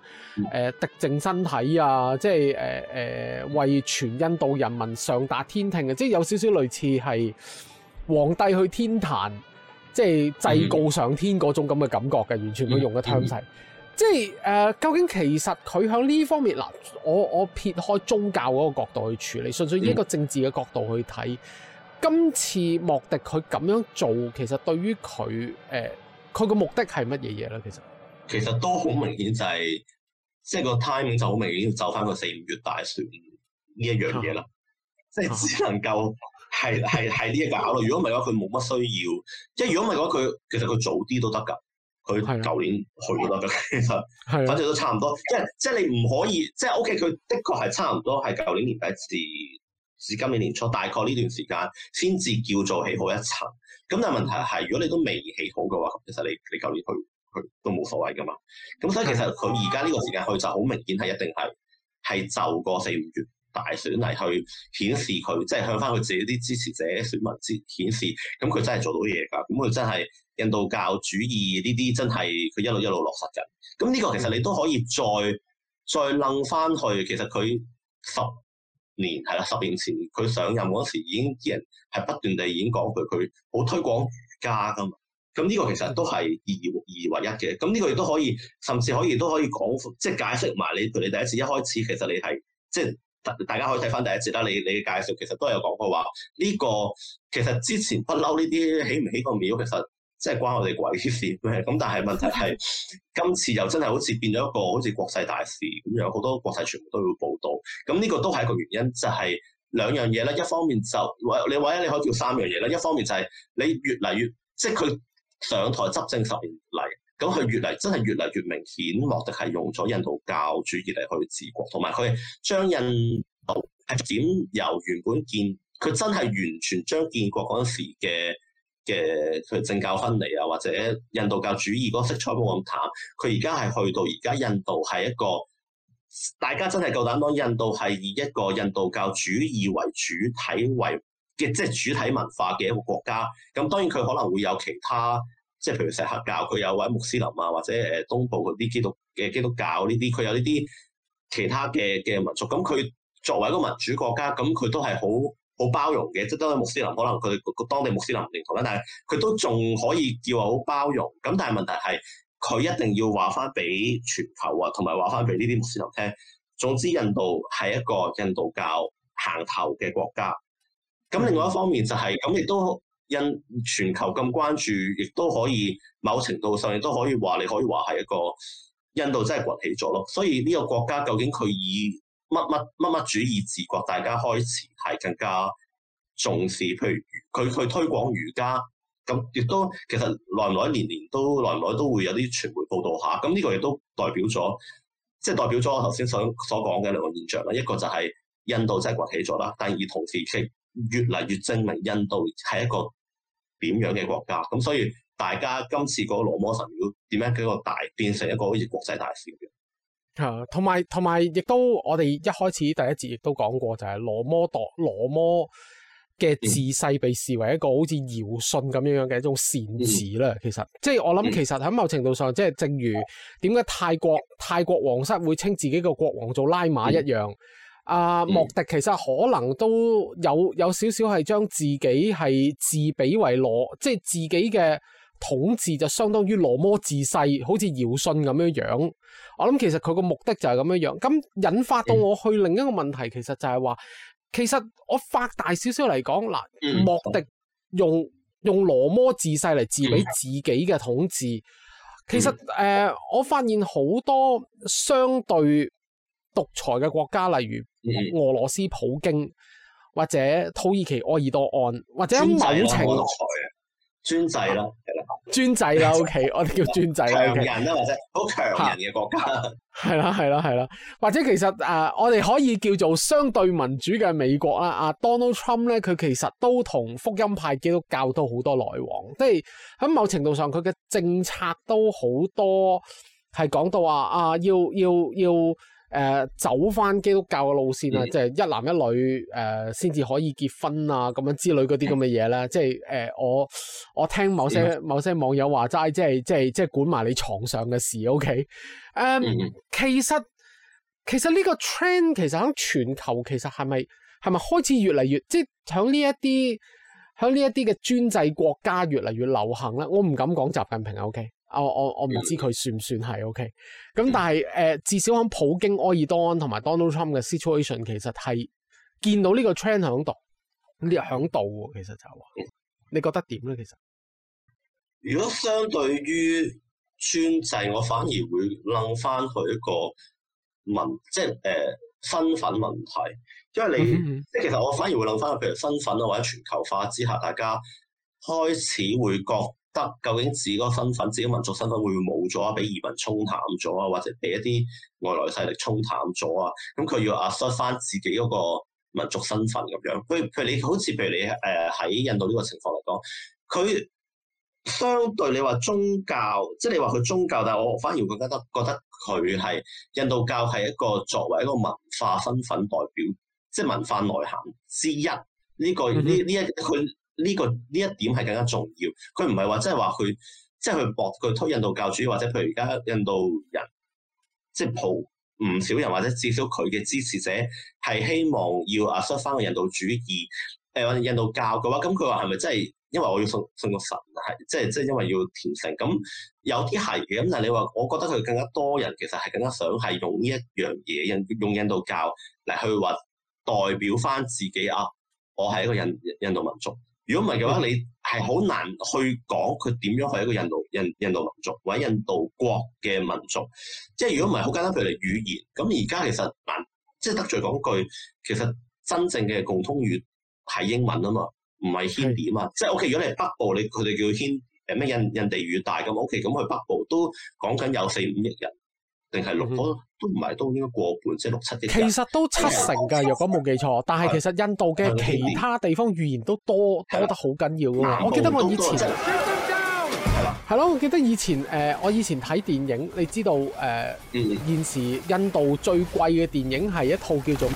Speaker 1: 滌淨身體啊，即係誒誒為全印度人民上達天庭。啊，即係有少少類似係皇帝去天壇。即係祭告上天嗰種咁嘅感覺嘅，完全佢用嘅湯勢。嗯嗯、即係誒、呃，究竟其實佢喺呢方面嗱、呃，我我撇開宗教嗰個角度去處理，純粹以一個政治嘅角度去睇，嗯、今次莫迪佢咁樣做，其實對於佢誒佢個目的係乜嘢嘢咧？其實
Speaker 2: 其實都好明顯就係、是，即、就、係、是、個 timing 走未已經走翻個四五月大選呢一樣嘢啦，即係、啊、只能夠。係係係呢一個考慮，如果唔係嘅話，佢冇乜需要。即係如果唔係嘅話，佢其實佢早啲都得㗎。佢舊年去都得㗎，其實，是的 反正都差唔多。即係即係你唔可以，即係 OK。佢的確係差唔多係舊年年底時至今年年初，大概呢段時間先至叫做起好一層。咁但係問題係，如果你都未起好嘅話，其實你你舊年去去都冇所謂㗎嘛。咁所以其實佢而家呢個時間去就好明顯係一定係係就過四五月。大選嚟去顯示佢，即係向翻佢自己啲支持者、選民之顯示，咁佢真係做到嘢㗎。咁佢真係印度教主義呢啲真係佢一路一路落實緊。咁呢個其實你都可以再再楞翻去，其實佢十年係啦，十年前佢上任嗰時已經啲人係不斷地已經講佢，佢好推廣瑜伽㗎嘛。咁呢個其實都係二二為一嘅。咁呢個亦都可以，甚至可以都可以講，即係解釋埋你。佢哋第一次一開始其實你係即係。大家可以睇翻第一節啦，你你嘅介紹其實都有講過話呢、呢個其實之前起不嬲呢啲起唔起個廟，其實即係關我哋鬼事。咁但係問題係 今次又真係好似變咗一個好似國際大事咁，有好多國際全部都要報導。咁呢個都係一個原因，就係、是、兩樣嘢咧。一方面就，你或者你可以叫三樣嘢啦。一方面就係你越嚟越，即係佢上台執政十年嚟。咁佢越嚟真係越嚟越明顯，莫迪係用咗印度教主義嚟去治國，同埋佢將印度係點由原本建佢真係完全將建國嗰陣時嘅嘅佢政教分離啊，或者印度教主義嗰色彩都冇咁淡。佢而家係去到而家印度係一個大家真係夠膽講，印度係以一個印度教主義為主體為嘅即係主體文化嘅一個國家。咁當然佢可能會有其他。即係譬如錫克教，佢有位穆斯林啊，或者誒東部嗰啲基督嘅基督教呢啲，佢有呢啲其他嘅嘅民族。咁佢作為一個民主國家，咁佢都係好好包容嘅。即係當然穆斯林可能佢當地穆斯林唔認同啦，但係佢都仲可以叫話好包容。咁但係問題係佢一定要話返畀全球啊，同埋話返畀呢啲穆斯林聽。總之印度係一個印度教行頭嘅國家。咁另外一方面就係，是，咁，亦都。因全球咁關注，亦都可以某程度上，亦都可以話，你可以話係一個印度真係崛起咗咯。所以呢個國家究竟佢以乜乜乜乜主義治國，大家開始係更加重視。譬如佢去推廣瑜伽，咁亦都其實耐唔耐年年都耐唔耐都會有啲傳媒報道下。咁呢個亦都代表咗，即係代表咗我頭先想所講嘅兩個現象啦。一個就係印度真係崛起咗啦，但係同時期越嚟越證明印度係一個。點樣嘅國家咁，所以大家今次個羅摩神廟點樣幾個大變成一個好似國際大
Speaker 1: 廟？係同埋同埋，亦都我哋一開始第一節亦都講過，就係、是、羅摩當羅摩嘅自細被視為一個、嗯、好似堯舜咁樣樣嘅一種善治啦。嗯、其實即係我諗，其實喺某程度上，嗯、即係正如點解泰國泰國王室會稱自己個國王做拉馬一樣。嗯阿、啊、莫迪其實可能都有有少少係將自己係自比為羅，即係自己嘅統治就相當於羅摩治世，好似堯舜咁樣樣。我諗其實佢個目的就係咁樣樣。咁引發到我去另一個問題，其實就係話，其實我發大少少嚟講，嗱，莫迪用用羅摩治世嚟自比自己嘅統治，其實誒、呃，我發現好多相對獨裁嘅國家，例如俄羅斯普京，或者土耳其埃爾多安，或者某程度專制啦，
Speaker 2: 啊、專制啦，係、okay，啦， 專
Speaker 1: 制啦，O.K. 我哋叫專制強人啦，或者好
Speaker 2: 強人嘅國
Speaker 1: 家，係啦、啊，係啦，係啦，或者其實誒、呃，我哋可以叫做相對民主嘅美國啦，阿、啊、Donald Trump 咧，佢其實都同福音派基督教都好多來往，即係喺某程度上佢嘅政策都好多係講到話啊，要要要。要要要要誒，uh, 走翻基督教嘅路線啊，即係、mm hmm. 一男一女誒，先、uh, 至可以結婚啊，咁樣之類嗰啲咁嘅嘢咧，即係誒，hmm. 就是 uh, 我我聽某些、mm hmm. 某些網友話齋，即係即係即係管埋你床上嘅事，O K，誒，其實其實呢個 trend 其實響全球，其實係咪係咪開始越嚟越，即係響呢一啲響呢一啲嘅專制國家越嚟越流行咧？我唔敢講習近平 O K。Okay? 我我我唔知佢算唔算係、嗯、OK，咁但係誒、呃，至少喺普京、埃爾多安同埋 Donald Trump 嘅 situation，其實係見到呢個 trend 響度，咁你又響度喎，其實就是，嗯、你覺得點咧？其實，
Speaker 2: 如果相對於專制，我反而會諗翻佢一個問，即係誒、呃、身份問題，因為你即係、嗯、其實我反而會諗翻，譬如身份啊，或者全球化之下，大家開始會覺。究竟自己嗰個身份、自己民族身份會唔會冇咗啊？俾移民沖淡咗啊？或者俾一啲外來勢力沖淡咗啊？咁佢要 a s s 翻自己嗰個民族身份咁樣。譬如譬如你好似譬如你誒喺印度呢個情況嚟講，佢相對你話宗教，即、就、係、是、你話佢宗教，但係我反而更加得覺得佢係印度教係一個作為一個文化身份代表，即、就、係、是、文化內涵之一。呢、這個呢呢一佢。的呢、這個呢一點係更加重要。佢唔係話即係話佢，即係佢博佢推印度教主義，或者譬如而家印度人，即係抱唔少人，或者至少佢嘅支持者係希望要吸收翻個印度主義誒、呃，印度教嘅話，咁佢話係咪真係因為我要信信個神係，即係即係因為要虔誠？咁有啲係嘅，咁但係你話，我覺得佢更加多人其實係更加想係用呢一樣嘢，用印度教嚟去話代表翻自己啊，我係一個印、嗯、印度民族。如果唔係嘅話，你係好難去講佢點樣係一個印度人、印度民族或者印度國嘅民族。即係如果唔係好簡單，佢哋語言咁而家其實難，即係得罪講句，其實真正嘅共通語係英文啊嘛，唔係 Hindi 啊嘛。即係 OK，如果你係北部，你佢哋叫 Hind，誒咩印印地語大咁 OK，咁去北部都講緊有四五億人。定係六個，都都唔係，都應該過半，即六七點。其實都七成噶，若果
Speaker 1: 冇記錯。的但係其實印度嘅其他地方語言都多，我覺的得好緊要，
Speaker 2: 部我記得我以前
Speaker 1: 係咯，我記得以前誒、呃，我以前睇電影，你知道誒，呃嗯、現時印度最貴嘅電影係一套叫做。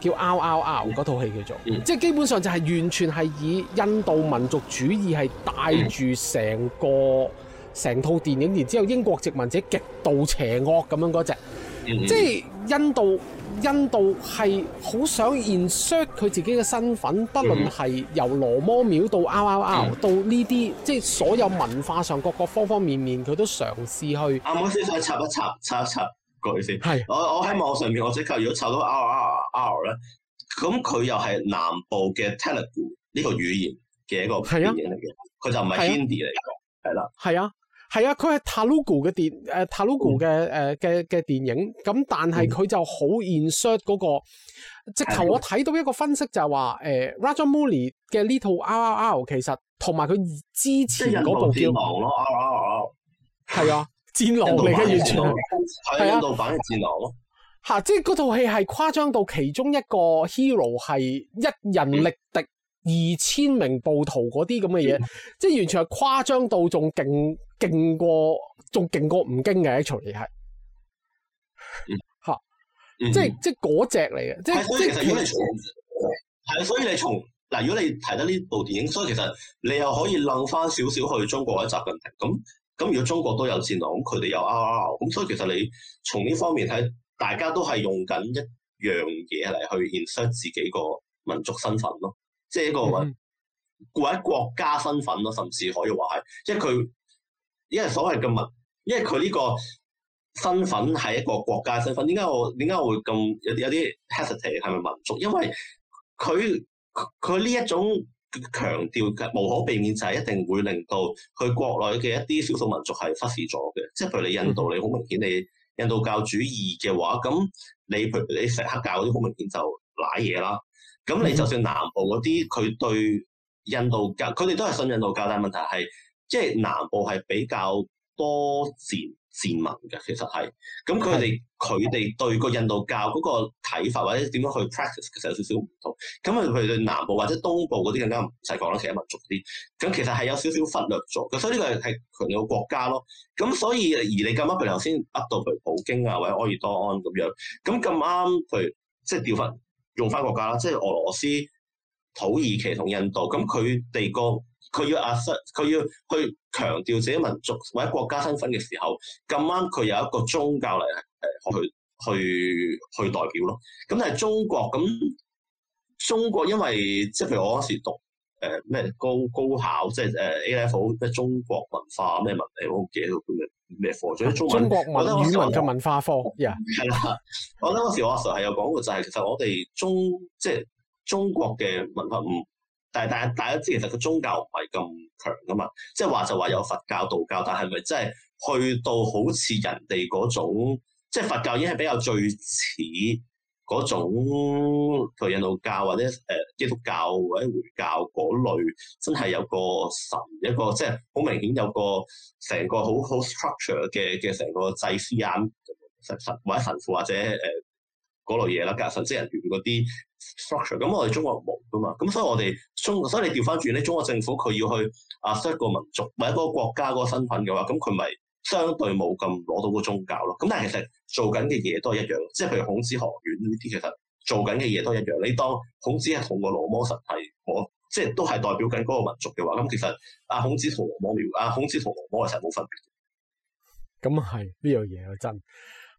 Speaker 1: 叫《RRR 嗰套戲叫做、mm，hmm. 即係基本上就係完全係以印度民族主義係帶住成個成套電影，mm hmm. 然之後英國殖民者極度邪惡咁樣嗰隻，hmm. 即係印度印度係好想 insert 佢自己嘅身份，不論係由羅摩廟到 RRR、mm hmm. 到呢啲，mm hmm. 即係所有文化上各個方方面面嘗試、mm，佢都嘗試去。阿媽，
Speaker 2: 先一插，插一插。句先，係我我喺網上面，我追求如果炒到 RR,、啊、R R R 咧，咁佢又係南部嘅 Telugu 呢個語言嘅一個電影嚟嘅，佢就唔係 Hindi 嚟嘅。
Speaker 1: 係啦，係啊，係啊，佢係、啊啊、Telugu 嘅電誒 Telugu 嘅誒嘅嘅電影，咁、啊、但係佢就好 insert 嗰、那個，直頭我睇到一個分析就係話，誒、呃、Rajamouli 嘅呢套 R R R 其實同埋佢之前嗰部叫，咯，R R R，係啊。戰狼嚟嘅，印度完
Speaker 2: 全係啊，反叛嘅戰狼
Speaker 1: 咯。吓、啊，即係嗰套戲係誇張到其中一個 hero 係一人力敵二千名暴徒嗰啲咁嘅嘢，即係完全係誇張到仲勁勁過，仲勁過吳京嘅，除係吓，即係即係嗰隻嚟嘅。係所以其實如果你從
Speaker 2: 係啊，所以你從嗱，如果你睇得呢部電影，所以其實你又可以諗翻少少去中國嗰一集問題咁。咁如果中國都有戰狼，咁佢哋又啊啊，咁、啊、所以其實你從呢方面睇，大家都係用緊一樣嘢嚟去 insert 自己個民族身份咯，即係一個揾揾國家身份咯，甚至可以話係，因為佢因為所謂嘅民，因為佢呢個身份係一個國家身份，身份身份點解我點解會咁有有啲 hesitate 係咪民族？因為佢佢呢一種，強調嘅無可避免就係、是、一定會令到佢國內嘅一啲少數民族係忽視咗嘅，即係譬如你印度，你好明顯你印度教主義嘅話，咁你譬如你錫克教嗰啲好明顯就瀨嘢啦。咁你就算南部嗰啲，佢對印度教，佢哋都係信印度教，但係問題係即係南部係比較多戰。賤民嘅其實係，咁佢哋佢哋對個印度教嗰個睇法或者點樣去 practice 其實有少少唔同，咁啊佢哋南部或者東部嗰啲更加唔使講啦，其他民族啲，咁其實係有少少忽略咗，咁所以呢個係佢個國家咯，咁所以而你咁啱，譬如頭先噏到，譬如普京啊或者埃爾多安咁樣，咁咁啱佢即係調翻用翻國家啦，即係俄羅斯、土耳其同印度，咁佢哋個。佢要亞塞，佢要去強調自己民族或者國家身份嘅時候，咁啱佢有一個宗教嚟誒、呃、去去去代表咯。咁但係中國咁中國因為即係譬如我嗰時讀咩、呃、高高考即係誒、呃、A、L、f e v 咩中國文化咩問題，我好記得咩咩。
Speaker 1: 我覺
Speaker 2: 得嗰時我阿 Sir 係有講過就係、是、其實我哋中即係中國嘅文化唔。但係，大大家知其實個宗教唔係咁強噶嘛，即係話就話、是、有佛教、道教，但係咪真係去到好似人哋嗰種，即、就、係、是、佛教已經係比較最似嗰種佢印度教或者誒、呃、基督教或者回教嗰類，真係有個神一個即係好明顯有個成個好好 structure 嘅嘅成個祭司啊神神或者神父或者誒嗰、呃、類嘢啦，其實神職人員嗰啲。structure 咁我哋中國冇噶嘛，咁所以我哋中，所以你調翻轉咧，中國政府佢要去啊，一個民族或者一個國家嗰個身份嘅話，咁佢咪相對冇咁攞到個宗教咯。咁但係其實做緊嘅嘢都係一樣，即係譬如孔子學院呢啲，其實做緊嘅嘢都係一樣。你當孔子係同個羅摩神係我，即係都係代表緊嗰個民族嘅話，咁其實啊，孔子同羅摩廟啊，孔子同羅摩係實冇分別。
Speaker 1: 咁係呢樣嘢真。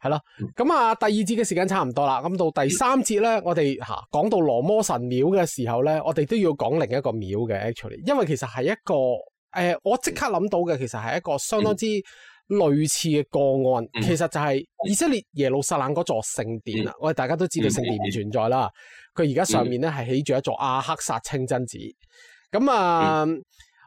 Speaker 1: 係咯，咁啊，第二節嘅時間差唔多啦。咁到第三節咧，我哋吓講到羅摩神廟嘅時候咧，我哋都要講另一個廟嘅。actually，因為其實係一個誒、呃，我即刻諗到嘅，其實係一個相當之類似嘅個案。嗯、其實就係以色列耶路撒冷嗰座聖殿啊。嗯嗯、我哋大家都知道聖殿唔存在啦，佢而家上面咧係起住一座阿克薩清真寺。咁啊。呃嗯嗯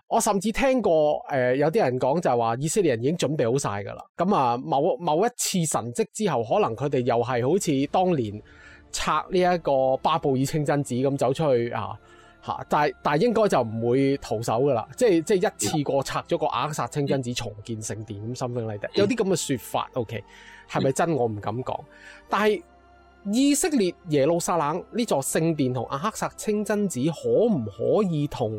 Speaker 1: 我甚至聽過誒、呃，有啲人講就話，以色列人已經準備好晒噶啦。咁啊，某某一次神蹟之後，可能佢哋又係好似當年拆呢一個巴布爾清真寺咁走出去啊吓、啊，但係但係應該就唔會逃走噶啦，即係即係一次過拆咗個阿克薩清真寺重建聖殿咁，something like that，有啲咁嘅說法。OK，係咪真？我唔敢講，但係以色列耶路撒冷呢座聖殿同阿克薩清真寺可唔可以同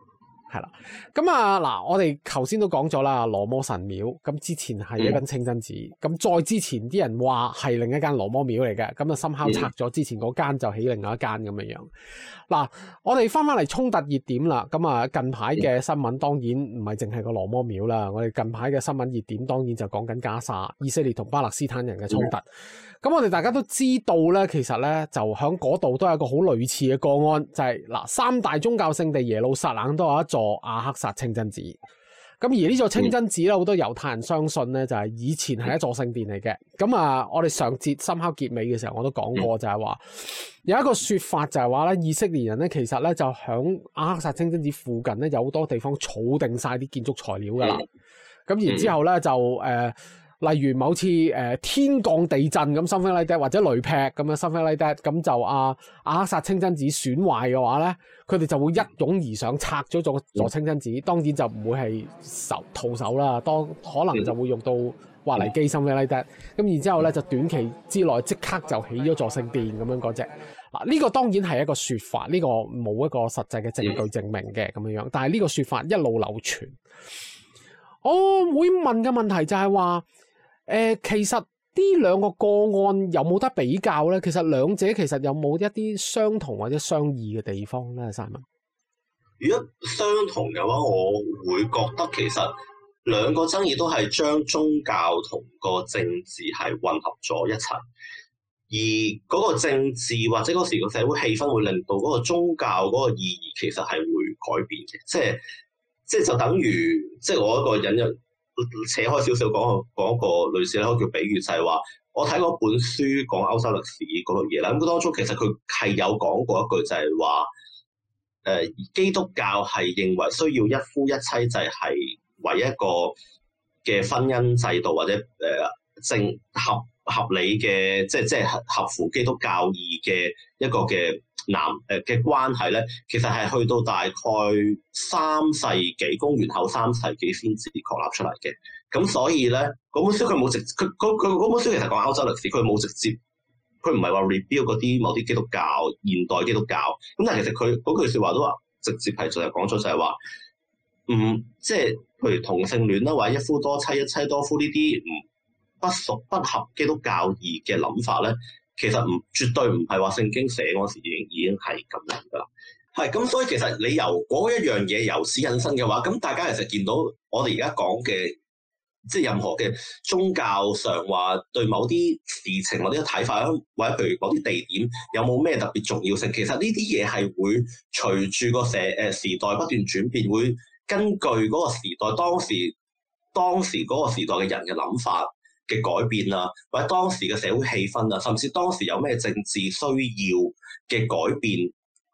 Speaker 1: 係啦，咁啊嗱，我哋頭先都講咗啦，羅摩神廟，咁之前係一間清真寺，咁、嗯、再之前啲人話係另一間羅摩廟嚟嘅，咁啊，深敲拆咗之前嗰間就起另外一間咁嘅樣。嗱、嗯，我哋翻翻嚟衝突熱點啦，咁啊近排嘅新聞當然唔係淨係個羅摩廟啦，我哋近排嘅新聞熱點當然就講緊加沙、以色列同巴勒斯坦人嘅衝突。嗯咁我哋大家都知道咧，其實咧就喺嗰度都係一個好類似嘅個案，就係嗱，三大宗教聖地耶路撒冷都有一座阿克薩清真寺。咁而呢座清真寺咧，好多猶太人相信咧就係以前係一座聖殿嚟嘅。咁啊，我哋上節深刻結尾嘅時候，我都講過就係話有一個說法就係話咧，以色列人咧其實咧就喺阿克薩清真寺附近咧有好多地方儲定晒啲建築材料噶啦。咁然之後咧就誒。呃例如某次誒、呃、天降地震咁 something like that 或者雷劈咁樣 something like that 咁就阿阿克薩清真寺損壞嘅話，咧，佢哋就會一湧而上拆咗座座清真寺，當然就唔會係手徒手啦，當可能就會用到滑泥機 something like that 咁，然之後咧就短期之內即刻就起咗座聖殿咁樣嗰隻。嗱，那，呢，個這個當然係一個說法，呢，這個冇一個實際嘅證據證明嘅咁樣樣，但係呢個說法一路流傳。我會問嘅問題就係話，誒，其實呢兩個個案有冇得比較呢？其實兩者其實有冇一啲相同或者相異嘅地方呢？Simon，
Speaker 2: 如果相同嘅話，我會覺得其實兩個爭議都係將宗教同個政治係混合咗一齊，而嗰個政治或者嗰時個社會氣氛會令到嗰個宗教嗰個意義其實係會改變嘅，即係即係就等於即係我一個人有。扯開少少講個講一個類似咧叫比喻就係話，我睇嗰本書講歐洲歷史嗰類嘢啦，咁當初其實佢係有講過一句就係話，誒、呃、基督教係認為需要一夫一妻制係唯一一個嘅婚姻制度或者誒正合合理嘅即係即係合乎基督教義嘅一個嘅。男誒嘅關係咧，其實係去到大概三世紀公元後三世紀先至確立出嚟嘅。咁所以咧，嗰本書佢冇直佢佢本書其實講歐洲歷史，佢冇直接佢唔係話 rebuild 嗰啲某啲基督教現代基督教。咁但係其實佢嗰句説話都話直接係就係講咗就係話，唔、嗯、即係譬如同性戀啦，或者一夫多妻、一妻多夫呢啲唔不屬不合基督教義嘅諗法咧。其實唔絕對唔係話聖經寫嗰時已經已經係咁樣㗎，係咁所以其實你由嗰一樣嘢由此引申嘅話，咁大家其實見到我哋而家講嘅即係任何嘅宗教上話對某啲事情或者睇法，或者譬如某啲地點有冇咩特別重要性，其實呢啲嘢係會隨住個社誒時代不斷轉變，會根據嗰個時代當時當時嗰個時代嘅人嘅諗法。嘅改變啊，或者當時嘅社會氣氛啊，甚至當時有咩政治需要嘅改變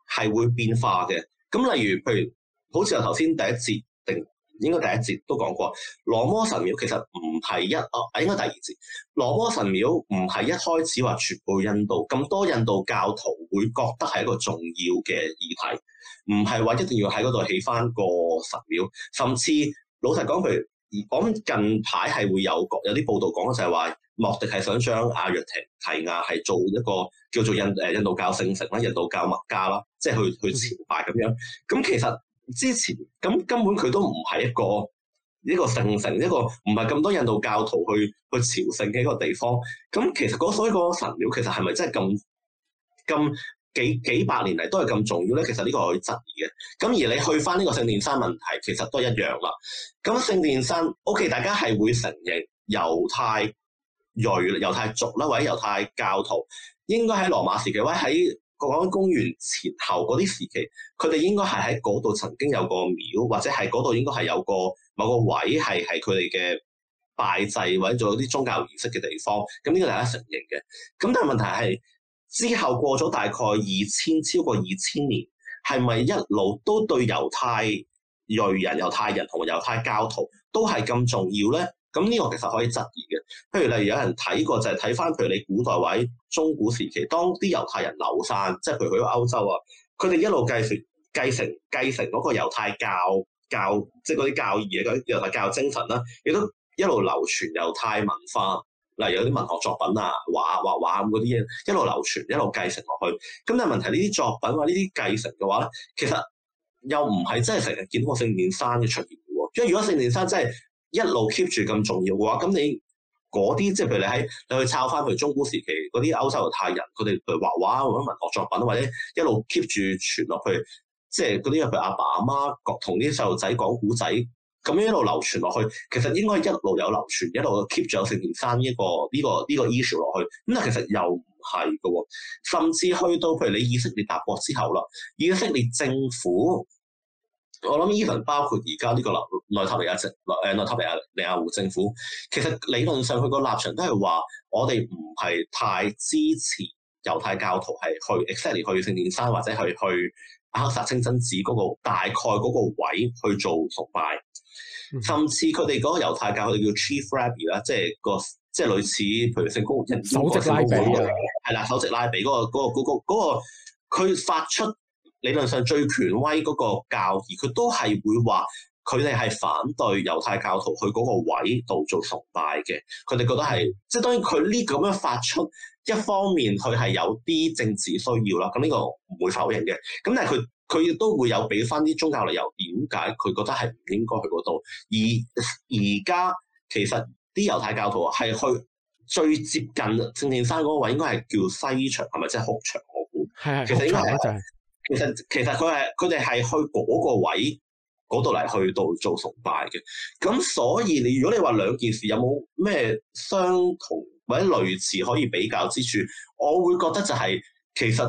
Speaker 2: 係會變化嘅。咁例如，譬如好似我頭先第一節定應該第一節都講過羅摩神廟，其實唔係一哦啊應該第二節羅摩神廟唔係一開始話全部印度咁多印度教徒會覺得係一個重要嘅議題，唔係話一定要喺嗰度起返個神廟，甚至老實講，譬如。而我近排係會有個有啲報道講就係話，莫迪係想將阿約提，提雅係做一個叫做印誒印度教聖城啦，印度教麥加啦，即係去去朝拜咁樣。咁、嗯、其實之前咁、嗯、根本佢都唔係一個一個聖城，一個唔係咁多印度教徒去去朝聖嘅一個地方。咁、嗯、其實嗰所以個神廟其實係咪真係咁咁？幾幾百年嚟都係咁重要咧，其實呢個我會質疑嘅。咁而你去翻呢個聖殿山問題，其實都一樣啦。咁、嗯、聖殿山，OK，大家係會承認猶太裔、猶太族啦，或者猶太教徒應該喺羅馬時期，或者喺講公元前後嗰啲時期，佢哋應該係喺嗰度曾經有個廟，或者係嗰度應該係有個某個位係係佢哋嘅拜祭或者做啲宗教儀式嘅地方。咁呢個大家承認嘅。咁但係問題係。之後過咗大概二千，超過二千年，係咪一路都對猶太裔人、猶太人同猶太教徒都係咁重要咧？咁呢個其實可以質疑嘅。譬如例如有人睇過，就係睇返譬如你古代位中古時期，當啲猶太人流散，即係譬如去咗歐洲啊，佢哋一路繼承、繼承、繼承嗰個猶太教教，即係嗰啲教義啊、猶太教精神啦，亦都一路流傳猶太文化。例如有啲文學作品啊，畫畫畫咁嗰啲嘢一路流傳，一路繼承落去。咁但係問題呢啲作品或呢啲繼承嘅話咧，其實又唔係真係成日見到聖殿山嘅出現喎。因為如果聖殿山真係一路 keep 住咁重要嘅話，咁你嗰啲即係譬如你喺你去抄翻去中古時期嗰啲歐洲猶太人佢哋譬如畫畫或者文學作品，或者一路 keep 住傳落去，即係嗰啲譬如阿爸阿媽同啲細路仔講古仔。咁樣、嗯、一路流傳落去，其實應該一路有流傳，一路 keep 住有聖殿山呢個呢個呢個 issue 落去。咁啊，其實又唔係嘅喎，甚至去到譬如你以色列建國之後啦，以色列政府，我諗 even 包括而家呢個內塔尼亞誒內塔尼亞尼亞胡政府，其實理論上佢個立場都係話，我哋唔係太支持猶太教徒係去 exactly 去聖殿山或者係去。阿克薩清真寺嗰個大概嗰個位去做崇拜，甚至佢哋嗰個猶太教佢哋叫 Chief Rabbi 啦，即係個即係類似譬如聖公、嗰個嗰個，首席拉比係啦，首席拉比嗰個嗰、嗰個嗰個佢發出理論上最權威嗰個教義，佢都係會話佢哋係反對猶太教徒去嗰個位度做崇拜嘅，佢哋覺得係、嗯、即係當然佢呢咁樣發出。一方面佢係有啲政治需要啦，咁、這、呢個唔會否認嘅。咁但係佢佢亦都會有俾翻啲宗教理由，點解佢覺得係唔應該去嗰度？而而家其實啲猶太教徒係去最接近聖殿山嗰位，應該係叫西牆係咪？即係哭牆我估係係的其實應該係、啊就是，其實其實佢係佢哋係去嗰個位。嗰度嚟去到做崇拜嘅，咁所以你如果你話兩件事有冇咩相同或者類似可以比較之處，我會覺得就係其實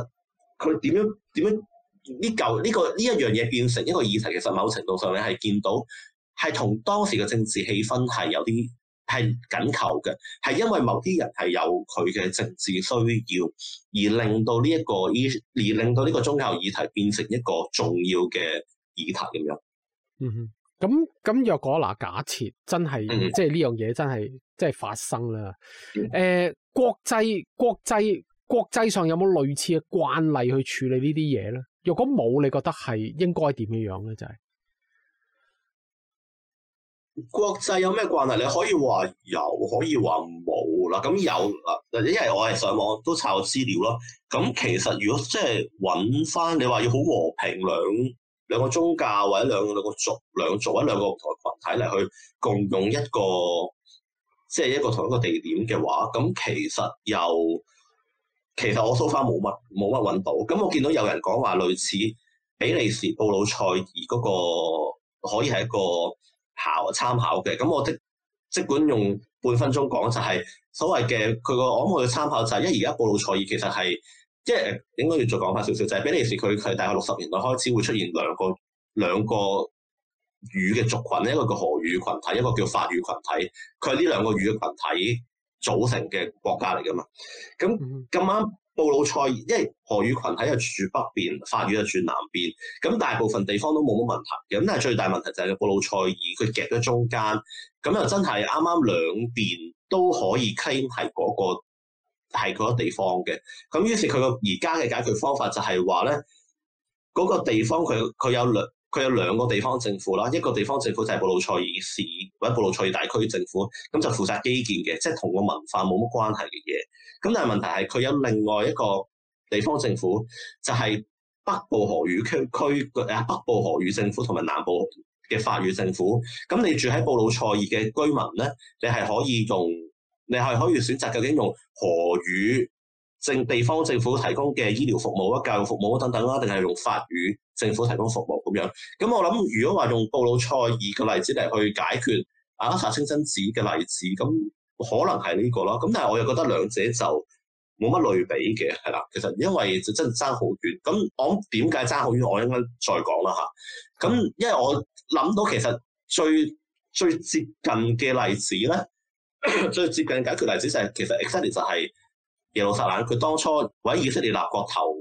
Speaker 2: 佢點樣點樣呢舊呢個呢一樣嘢變成一個議題，其實某程度上你係見到，係同當時嘅政治氣氛係有啲係緊扣嘅，係因為某啲人係有佢嘅政治需要，而令到呢一個呢而令到呢個宗教議題變成一個重要嘅議題咁樣。
Speaker 1: 嗯哼，咁咁若果嗱，假設真係、嗯、哼即係呢樣嘢真係即係發生啦，誒、嗯哼呃，國際國際國際上有冇類似嘅慣例去處理呢啲嘢咧？若果冇，你覺得係應該點樣咧？就係
Speaker 2: 國際有咩慣例？你可以話有，可以話冇啦。咁有或者因為我係上網都查過資料咯。咁其實如果即係揾翻，你話要好和平兩。兩兩個宗教或者兩個兩個族兩族或者兩個台群體嚟去共用一個，即係一個同一個地點嘅話，咁其實又其實我搜翻冇乜冇乜揾到。咁、嗯、我見到有人講話類似比利時布魯塞爾嗰、那個可以係一個考參考嘅。咁、嗯、我即即管用半分鐘講就係、是、所謂嘅佢個我冇去參考就係、是、因為而家布魯塞爾其實係。即係應該要再講翻少少，就係比利時佢係大概六十年代開始會出現兩個兩個語嘅族群咧，一個叫荷語群體，一個叫法語群體。佢係呢兩個語嘅群體組成嘅國家嚟噶嘛。咁咁啱布魯塞爾，因為荷語群體係住北邊，法語係住南邊。咁大部分地方都冇乜問題。咁但係最大問題就係布魯塞爾，佢夾咗中間。咁又真係啱啱兩邊都可以傾，係嗰個。.係嗰個地方嘅，咁於是佢個而家嘅解決方法就係話咧，嗰、那個地方佢佢有兩佢有兩個地方政府啦，一個地方政府就係布魯塞爾市或者布魯塞爾大區政府，咁就負責基建嘅，即係同個文化冇乜關係嘅嘢。咁但係問題係佢有另外一個地方政府，就係、是、北部荷語區區啊，北部荷語政府同埋南部嘅法語政府。咁你住喺布魯塞爾嘅居民咧，你係可以用。你係可以選擇究竟用荷語政地方政府提供嘅醫療服務啊、教育服務啊等等啦，定係用法語政府提供服務咁樣？咁我諗如果話用布魯塞爾嘅例子嚟去解決阿克薩清真寺嘅例子，咁可能係呢個咯。咁但係我又覺得兩者就冇乜類比嘅，係啦。其實因為就真係爭好遠。咁我點解爭好遠？我一陣間再講啦嚇。咁因為我諗到其實最最接近嘅例子咧。所以 接近解決例子就係、是、其實以色列就係耶路撒冷，佢當初喺以色列立國頭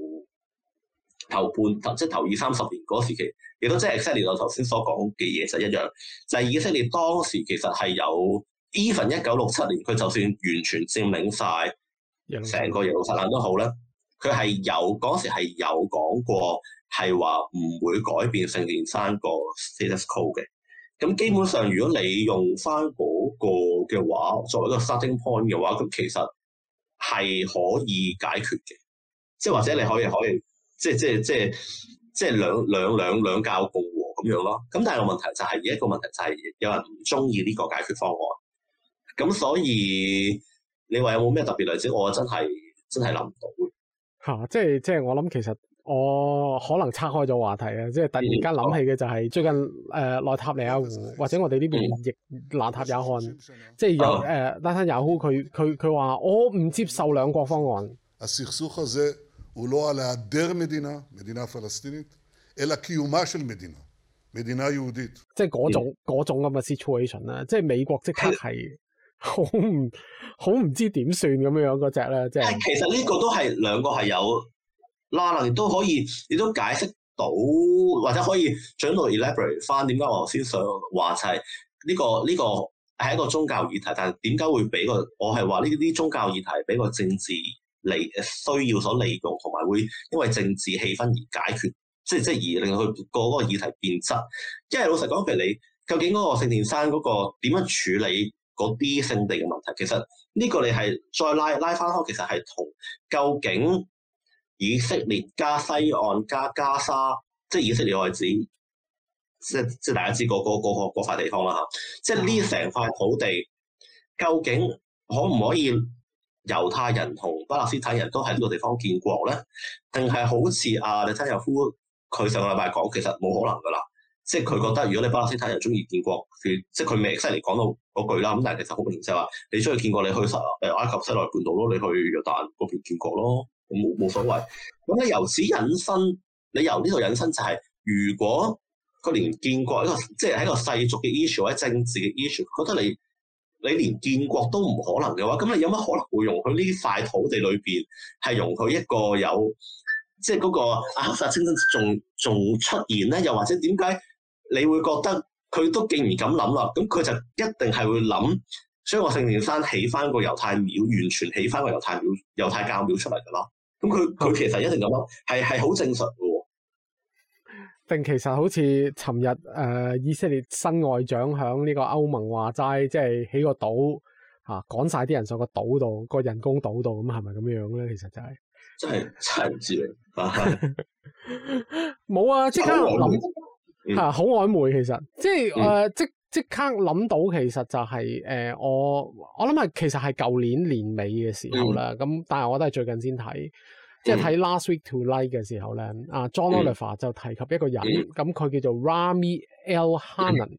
Speaker 2: 頭半頭，即係頭二三十年嗰時期，亦都即係以色列我頭先所講嘅嘢就是、一樣，就係、是、以色列當時其實係有 even 一九六七年佢就算完全佔領晒成個耶路撒冷都好啦。佢係有嗰時係有講過係話唔會改變聖殿山嗰個 status quo 嘅。咁基本上，如果你用翻嗰個嘅話，作為一個 starting point 嘅話，咁其實係可以解決嘅。即係或者你可以可以，即係即係即係即係兩兩兩兩教共和咁樣咯。咁但係個問題就係、是，而一個問題就係有人唔中意呢個解決方案。咁所以你話有冇咩特別例子？我真係真係諗唔到。
Speaker 1: 嚇、啊！即係即係，我諗其實。我可能拆開咗話題啊！即係突然間諗起嘅就係最近誒內塔尼亞胡，或者我哋呢邊亦拿塔雅汗，即係有誒丹山雅庫，佢佢佢話我唔接
Speaker 3: 受兩國方案，即係
Speaker 1: 嗰種咁嘅 situation 啦，即係美國即刻係好唔好唔知點算咁樣樣嗰隻咧，即係其實呢個都係
Speaker 2: 兩個係有。啦，能都可以，你都解釋到，或者可以進一步 elaborate 翻點解我頭先想話就係呢個呢個係一個宗教議題，但係點解會俾個我係話呢啲宗教議題俾個政治離需要所利用，同埋會因為政治氣氛而解決？即即而令佢個嗰個議題變質。因為老實講，譬如你究竟嗰個聖殿山嗰個點樣處理嗰啲聖地嘅問題，其實呢個你係再拉拉翻開，其實係同究竟。以色列加西岸加加沙，即係以色列外始，即即係大家知，嗰個、嗰個、嗰個塊、嗰個、地方啦嚇。即係呢成塊土地，究竟可唔可以猶太人同巴勒斯坦人都喺呢個地方建國咧？定係好似阿李真友夫佢上個禮拜講，其實冇可能噶啦。即係佢覺得如果你巴勒斯坦人中意建國，佢即係佢未西嚟講到嗰句啦。咁但係其實好明顯就係話，你中意建國，你去實埃及西奈半島咯，你去約旦嗰邊建國咯。冇冇所謂。咁你由此引申，你由呢度引申就係、是，如果佢連建國一個，即係喺一個世俗嘅 issue 或者政治嘅 issue，覺得你你連建國都唔可能嘅話，咁你有乜可能會容許呢塊土地裏邊係容許一個有，即係嗰個阿克薩清真寺仲仲出現咧？又或者點解你會覺得佢都竟然咁諗啦？咁佢就一定係會諗，所以我聖殿山起翻個猶太廟，完全起翻個猶太廟、猶太教廟出嚟噶咯。咁佢佢其實一定咁諗，係係好正常
Speaker 1: 嘅，定其實好似尋日，誒，以色列新外長響呢個歐盟話齋，即係起個島吓趕晒啲人上個島度，個人工島度咁，係咪咁樣咧？其實就
Speaker 2: 係真係真唔知啊，
Speaker 1: 冇啊，即刻諗吓，好曖昧其實，即係誒、呃，即。即刻諗到其、就是呃想，其實就係我我諗係其實係舊年年尾嘅時候啦，咁、嗯、但係我都係最近先睇，即係睇 Last Week Tonight 嘅時候呢啊 John Oliver、嗯、就提及一個人，咁佢、嗯、叫做 Rami Elhannan、嗯。嗯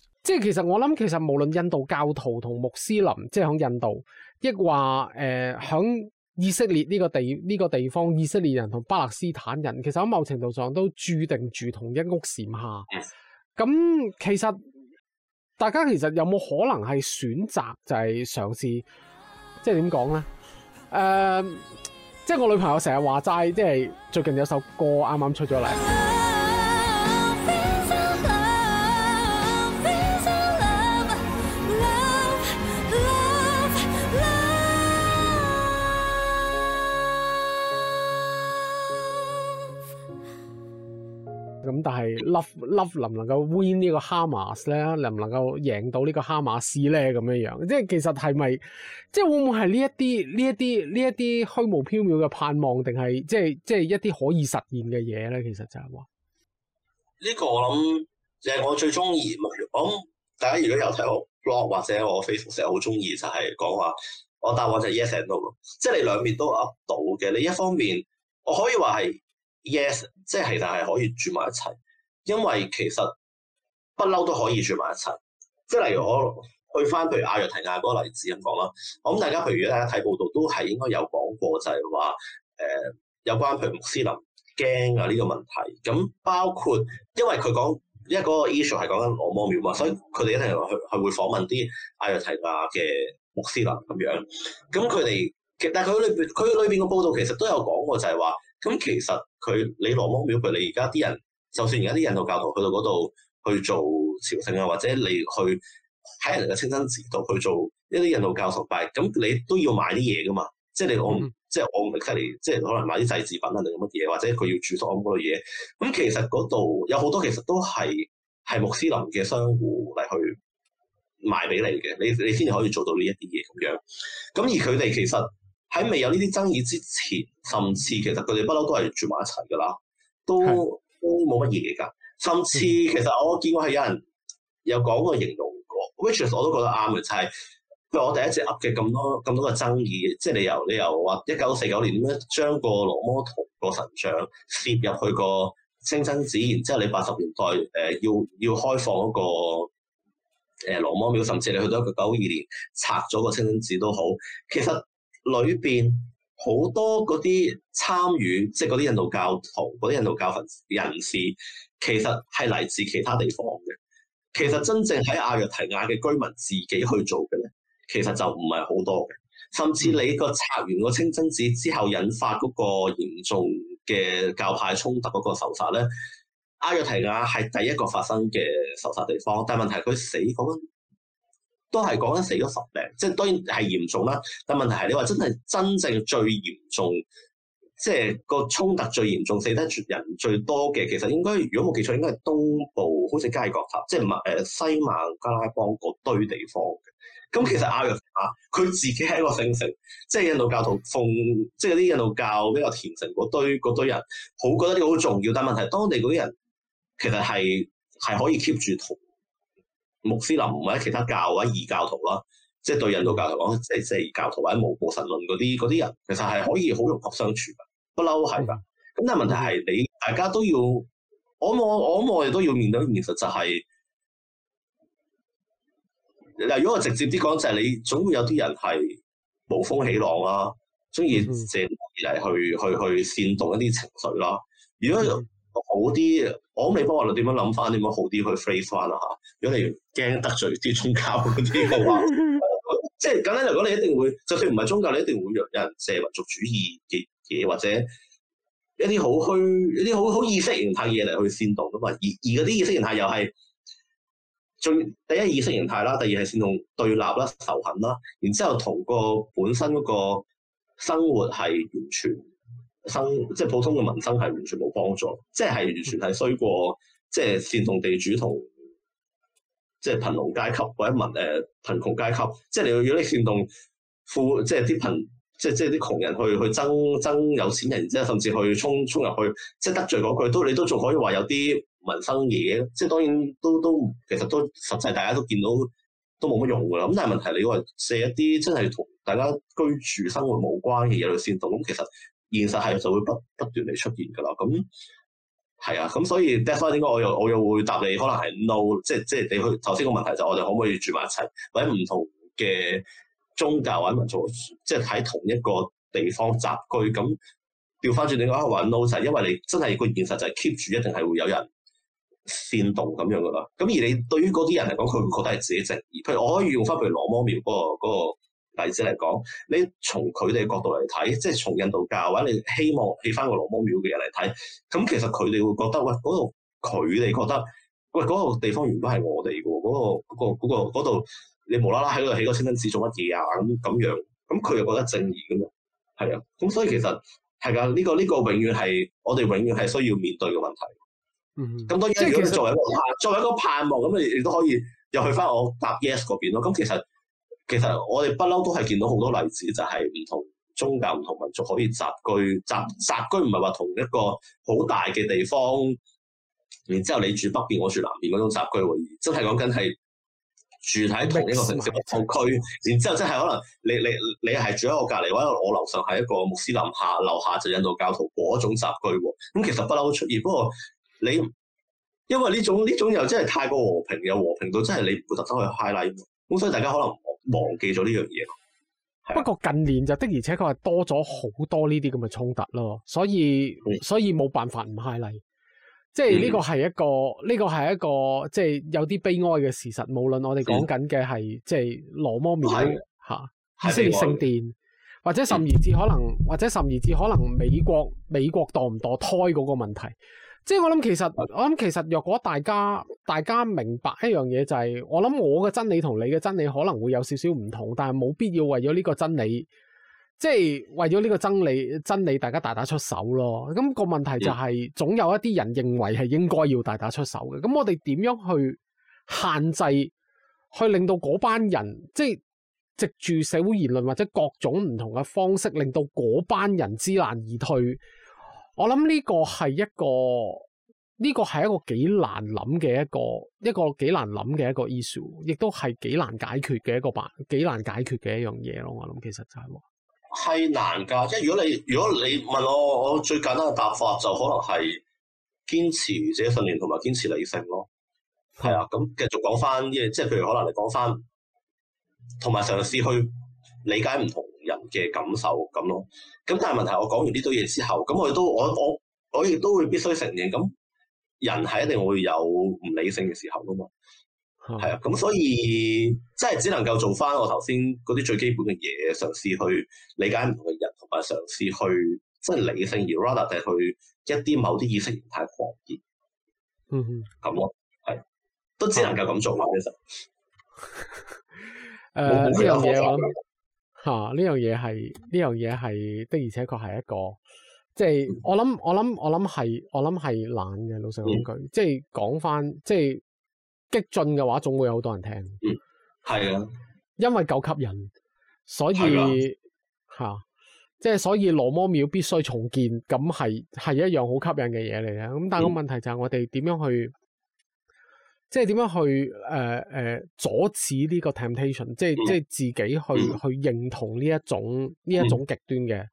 Speaker 1: 即係其實我諗，其實無論印度教徒同穆斯林，即係響印度，亦話誒響以色列呢個地呢個地方，以色列人同巴勒斯坦人，其實喺某程度上都注定住同一屋檐下。咁其實大家其實有冇可能係選擇就係嘗試，即係點講呢？誒、呃，即係我女朋友成日話齋，即係最近有首歌啱啱出咗嚟。咁但係 love love 能唔能夠 win 個呢個哈馬斯咧，能唔能夠贏到個呢個哈馬斯咧？咁樣樣，即係其實係咪，即係會唔會係呢一啲呢一啲呢一啲虛無縹緲嘅盼望，定係即係即係一啲可以實現嘅嘢咧？其實就係話
Speaker 2: 呢個我，我諗就係、是、我最中意。我大家如果有睇我 blog 或者我 Facebook 成日好中意就係、是、講話，我答我就 yes and no 咯。即係你兩面都噏到嘅。你一方面我可以話係。Yes，即係其實係可以住埋一齊，因為其實不嬲都可以住埋一齊。即係例如我去翻，譬如阿約提亞嗰個例子咁講啦。我諗大家譬如大家睇報道都係應該有講過就，就係話誒有關譬如穆斯林驚啊呢個問題。咁包括因為佢講，因為嗰個 issue 係講緊羅摩廟嘛，所以佢哋一定係去去會訪問啲阿約提亞嘅穆斯林咁樣。咁佢哋其但係佢裏邊佢裏邊嘅報道其實都有講過就，就係話。咁其實佢你羅摩廟佢你而家啲人，就算而家啲印度教徒去到嗰度去做朝聖啊，或者你去喺人哋嘅清真寺度去做一啲印度教徒拜，咁你都要買啲嘢㗎嘛。即係你我即係我唔係出嚟，即係可能買啲祭祀品啊定係乜嘢，或者佢要住宿嗰類嘢。咁其實嗰度有好多其實都係係穆斯林嘅商戶嚟去賣俾你嘅，你你先至可以做到呢一啲嘢咁樣。咁而佢哋其實。喺未有呢啲爭議之前，甚至其實佢哋不嬲都係住埋一齊㗎啦，都的都冇乜嘢㗎。甚至其實我見過係有人有講過形容過，which、嗯、我都覺得啱嘅，就係、是、譬如我第一次噏嘅咁多咁多個爭議，即係你由你由話一九四九年點樣將個羅摩同個神像攝入去個清真寺，然之後你八十年代誒要要開放嗰個誒羅摩廟，甚至你去到一個九二年拆咗個清真寺都好，其實。裏邊好多嗰啲參與，即係嗰啲印度教徒、嗰啲印度教人士，其實係嚟自其他地方嘅。其實真正喺阿若提亞嘅居民自己去做嘅咧，其實就唔係好多嘅。甚至你個拆完個清真寺之後引發嗰個嚴重嘅教派衝突嗰個仇殺咧，阿若提亞係第一個發生嘅仇殺地方。但係問題佢死嗰、嗰個都係講緊死咗十零，即係當然係嚴重啦。但問題係你話真係真正最嚴重，即係個衝突最嚴重、死得人最多嘅，其實應該如果冇記錯，應該係東部好似加爾各答即即係唔係西孟加拉邦嗰堆地方。咁其實啊，佢自己係一個聖城，即係印度教徒奉，即係啲印度教比較虔誠嗰堆堆人，好覺得呢個好重要。但問題當地嗰啲人其實係係可以 keep 住同穆斯林或者其他教或者異教徒啦，即係對印度教徒講，即係即係教徒或者無無神論嗰啲嗰啲人，其實係可以好融合相處，不嬲係㗎。咁但係問題係你大家都要，我我我我亦都要面對現實，就係嗱，如果我直接啲講就係你，總會有啲人係無風起浪啦，中意借嚟去去去去煽動一啲情緒啦。如果好啲，我唔理波，我哋點樣諗翻，點樣好啲去 phrase 翻啦嚇！如果你驚得罪啲宗教嗰啲嘅話，即係簡單嚟講，你一定會，就算唔係宗教，你一定會有人借民族主義嘅嘢，或者一啲好虛、一啲好好意識形態嘅嘢嚟去煽動噶嘛。而而嗰啲意識形態又係最第一意識形態啦，第二係煽動對立啦、仇恨啦，然之後同個本身嗰個生活係完全。生即係普通嘅民生係完全冇幫助，即係完全係衰過，即係煽動地主同即係貧農階級或者民誒貧窮階級，即係你要要你煽動富，即係啲貧即係即係啲窮人去去爭爭有錢人，即係甚至去衝衝入去，即係得罪嗰句都你都仲可以話有啲民生嘢，即係當然都都其實都實際大家都見到都冇乜用嘅，咁但係問題你話借一啲真係同大家居住生活冇關嘅嘢去煽動，咁其實。現實係就會不不斷嚟出現㗎啦，咁係啊，咁所以 definitely 應該我又我又會答你，可能係 no，即係即係你去頭先個問題就我哋可唔可以住埋一齊，或者唔同嘅宗教或者民族，即係喺同一個地方集居，咁調翻轉你應該話 no 就係因為你真係個現實就係 keep 住一定係會有人煽動咁樣㗎啦，咁而你對於嗰啲人嚟講，佢會覺得係自己正義，譬如我可以用翻譬如羅摩廟嗰個嗰個。例子嚟講，你從佢哋角度嚟睇，即係從印度教或者你希望起翻個羅摩廟嘅人嚟睇，咁其實佢哋會覺得喂，嗰度，佢哋覺得喂嗰、嗰個地方原本係我哋嘅，嗰、嗰個度、嗰個嗰個嗰個嗰個，你無啦啦喺嗰度起個清真寺做乜嘢啊？咁咁樣，咁佢又覺得正義咁樣，係啊，咁所以其實係㗎，呢、呢個呢、呢個永遠係我哋永遠係需要面對嘅問題。
Speaker 3: 咁當然，如果你作為一
Speaker 2: 個盼望、嗯、作為一個盼望，咁你亦都可以又去翻我搭 yes 嗰邊咯。咁其實。其實我哋不嬲都係見到好多例子，就係、是、唔同宗教、唔同民族可以集居集集居，唔係話同一個好大嘅地方，然之後你住北邊，我住南邊嗰種集居喎，真係講緊係住喺同一個城市一個 區，然之後即係可能你你你係住喺我隔籬，或者我樓上係一個穆斯林下，下樓下就印度教徒嗰種集居喎。咁、嗯、其實不嬲出現，不過你因為呢種呢種又真係太過和平，又和平到真係你唔會特登去 highlight。咁所以大家可能忘記咗呢樣嘢，
Speaker 1: 不過近年就的而且確係多咗好多呢啲咁嘅衝突咯，所以、嗯、所以冇辦法唔係例，即係呢個係一個呢個係一個即係有啲悲哀嘅事實。無論我哋講緊嘅係即係羅摩廟、嚇以色列聖殿，的或者甚而至可能，嗯、或者甚而至可能美國美國墮唔墮胎嗰個問題。即係我諗，其實我諗，其實若果大家大家明白一樣嘢，就係我諗我嘅真理同你嘅真理可能會有少少唔同，但係冇必要為咗呢個真理，即係為咗呢個真理，真理大家大打出手咯。咁個問題就係，總有一啲人認為係應該要大打出手嘅。咁我哋點樣去限制，去令到嗰班人，即係藉住社會言論或者各種唔同嘅方式，令到嗰班人知難而退。我諗呢個係一個呢個係一個幾難諗嘅一個一個幾難諗嘅一個 issue，亦都係幾難解決嘅一個辦幾難解決嘅一樣嘢咯。我諗其實就係話
Speaker 2: 係難㗎，即係如果你如果你問我，我最簡單嘅答法就可能係堅持自己信念同埋堅持理性咯。係啊，咁繼續講翻啲嘢，即係譬如可能你講翻同埋成嘗試去理解唔同。人嘅感受咁咯，咁但係問題，我講完呢堆嘢之後，咁我亦都我我我亦都會必須承認，咁人係一定會有唔理性嘅時候啊嘛，係、嗯、啊，咁所以即係只能夠做翻我頭先嗰啲最基本嘅嘢，嘗試去理解唔同嘅人，同埋嘗試去即係理性，而 rather 係去一啲某啲意識形態狂熱、嗯，嗯嗯，咁咯，係，都只能夠咁做啦，其實、嗯，冇
Speaker 1: 其他方吓，呢樣嘢係呢樣嘢係的，而且確係一個，即係我諗我諗我諗係我諗係懶嘅。老實講句，嗯、即係講翻，即係激進嘅話，總會有好多人聽。嗯，係啊，因為夠吸引，所以吓的、啊，即係所以羅摩廟必須重建，咁係係一樣好吸引嘅嘢嚟嘅。咁但係個問題就係我哋點樣去，嗯嗯即係點樣去誒誒、呃呃、阻止呢個 temptation？即係、嗯、即係自己去、嗯、去認同呢一種呢、嗯、一種極端嘅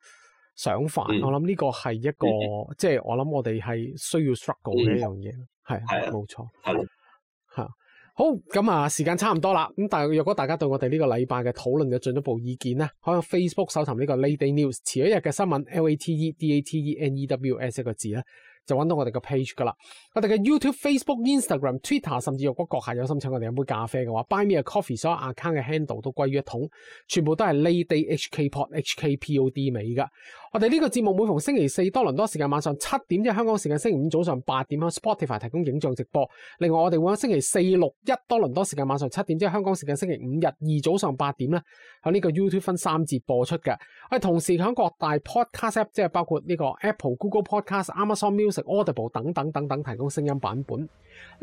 Speaker 1: 想法。嗯、我諗呢個係一個、嗯、即係我諗我哋係需要 struggle 嘅、嗯、一樣嘢。係、嗯，係冇錯，係嚇、嗯、好咁啊！時間差唔多啦。咁但係若果大家對我哋呢個禮拜嘅討論嘅進一步意見咧，可以 Facebook 搜尋呢個 Lady News，前一日嘅新聞，late date news 一個字咧。就揾到我哋個 page 噶啦！我哋嘅 YouTube、Facebook、Instagram、Twitter，甚至如果閣下有心請我哋飲杯咖啡嘅話，Buy Me A Coffee 所有 account 嘅 handle 都歸於一統，全部都係 Lay Day HK Pod HK POD 尾嘅。我哋呢個節目每逢星期四多倫多時間晚上七點，即係香港時間星期五早上八點喺 Spotify 提供影像直播。另外我哋會喺星期四六一多倫多時間晚上七點，即係香港時間星期五日二早上八點咧，喺呢個 YouTube 分三節播出嘅。我哋同時喺各大 podcast App，即係包括呢個 Apple、Google Podcast、Amazon Music。Audible 等等等等提供聲音版本。呢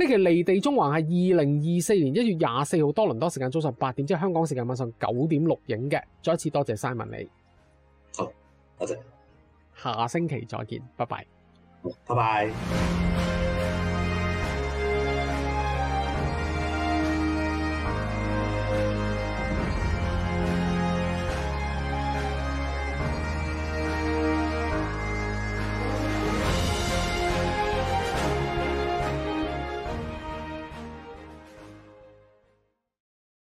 Speaker 1: 期離地中環係二零二四年一月廿四號多倫多時間早上八點，即係香港時間晚上九點錄影嘅。再一次多謝 Simon 你，好，多謝，下星期再見，拜拜，
Speaker 2: 拜拜。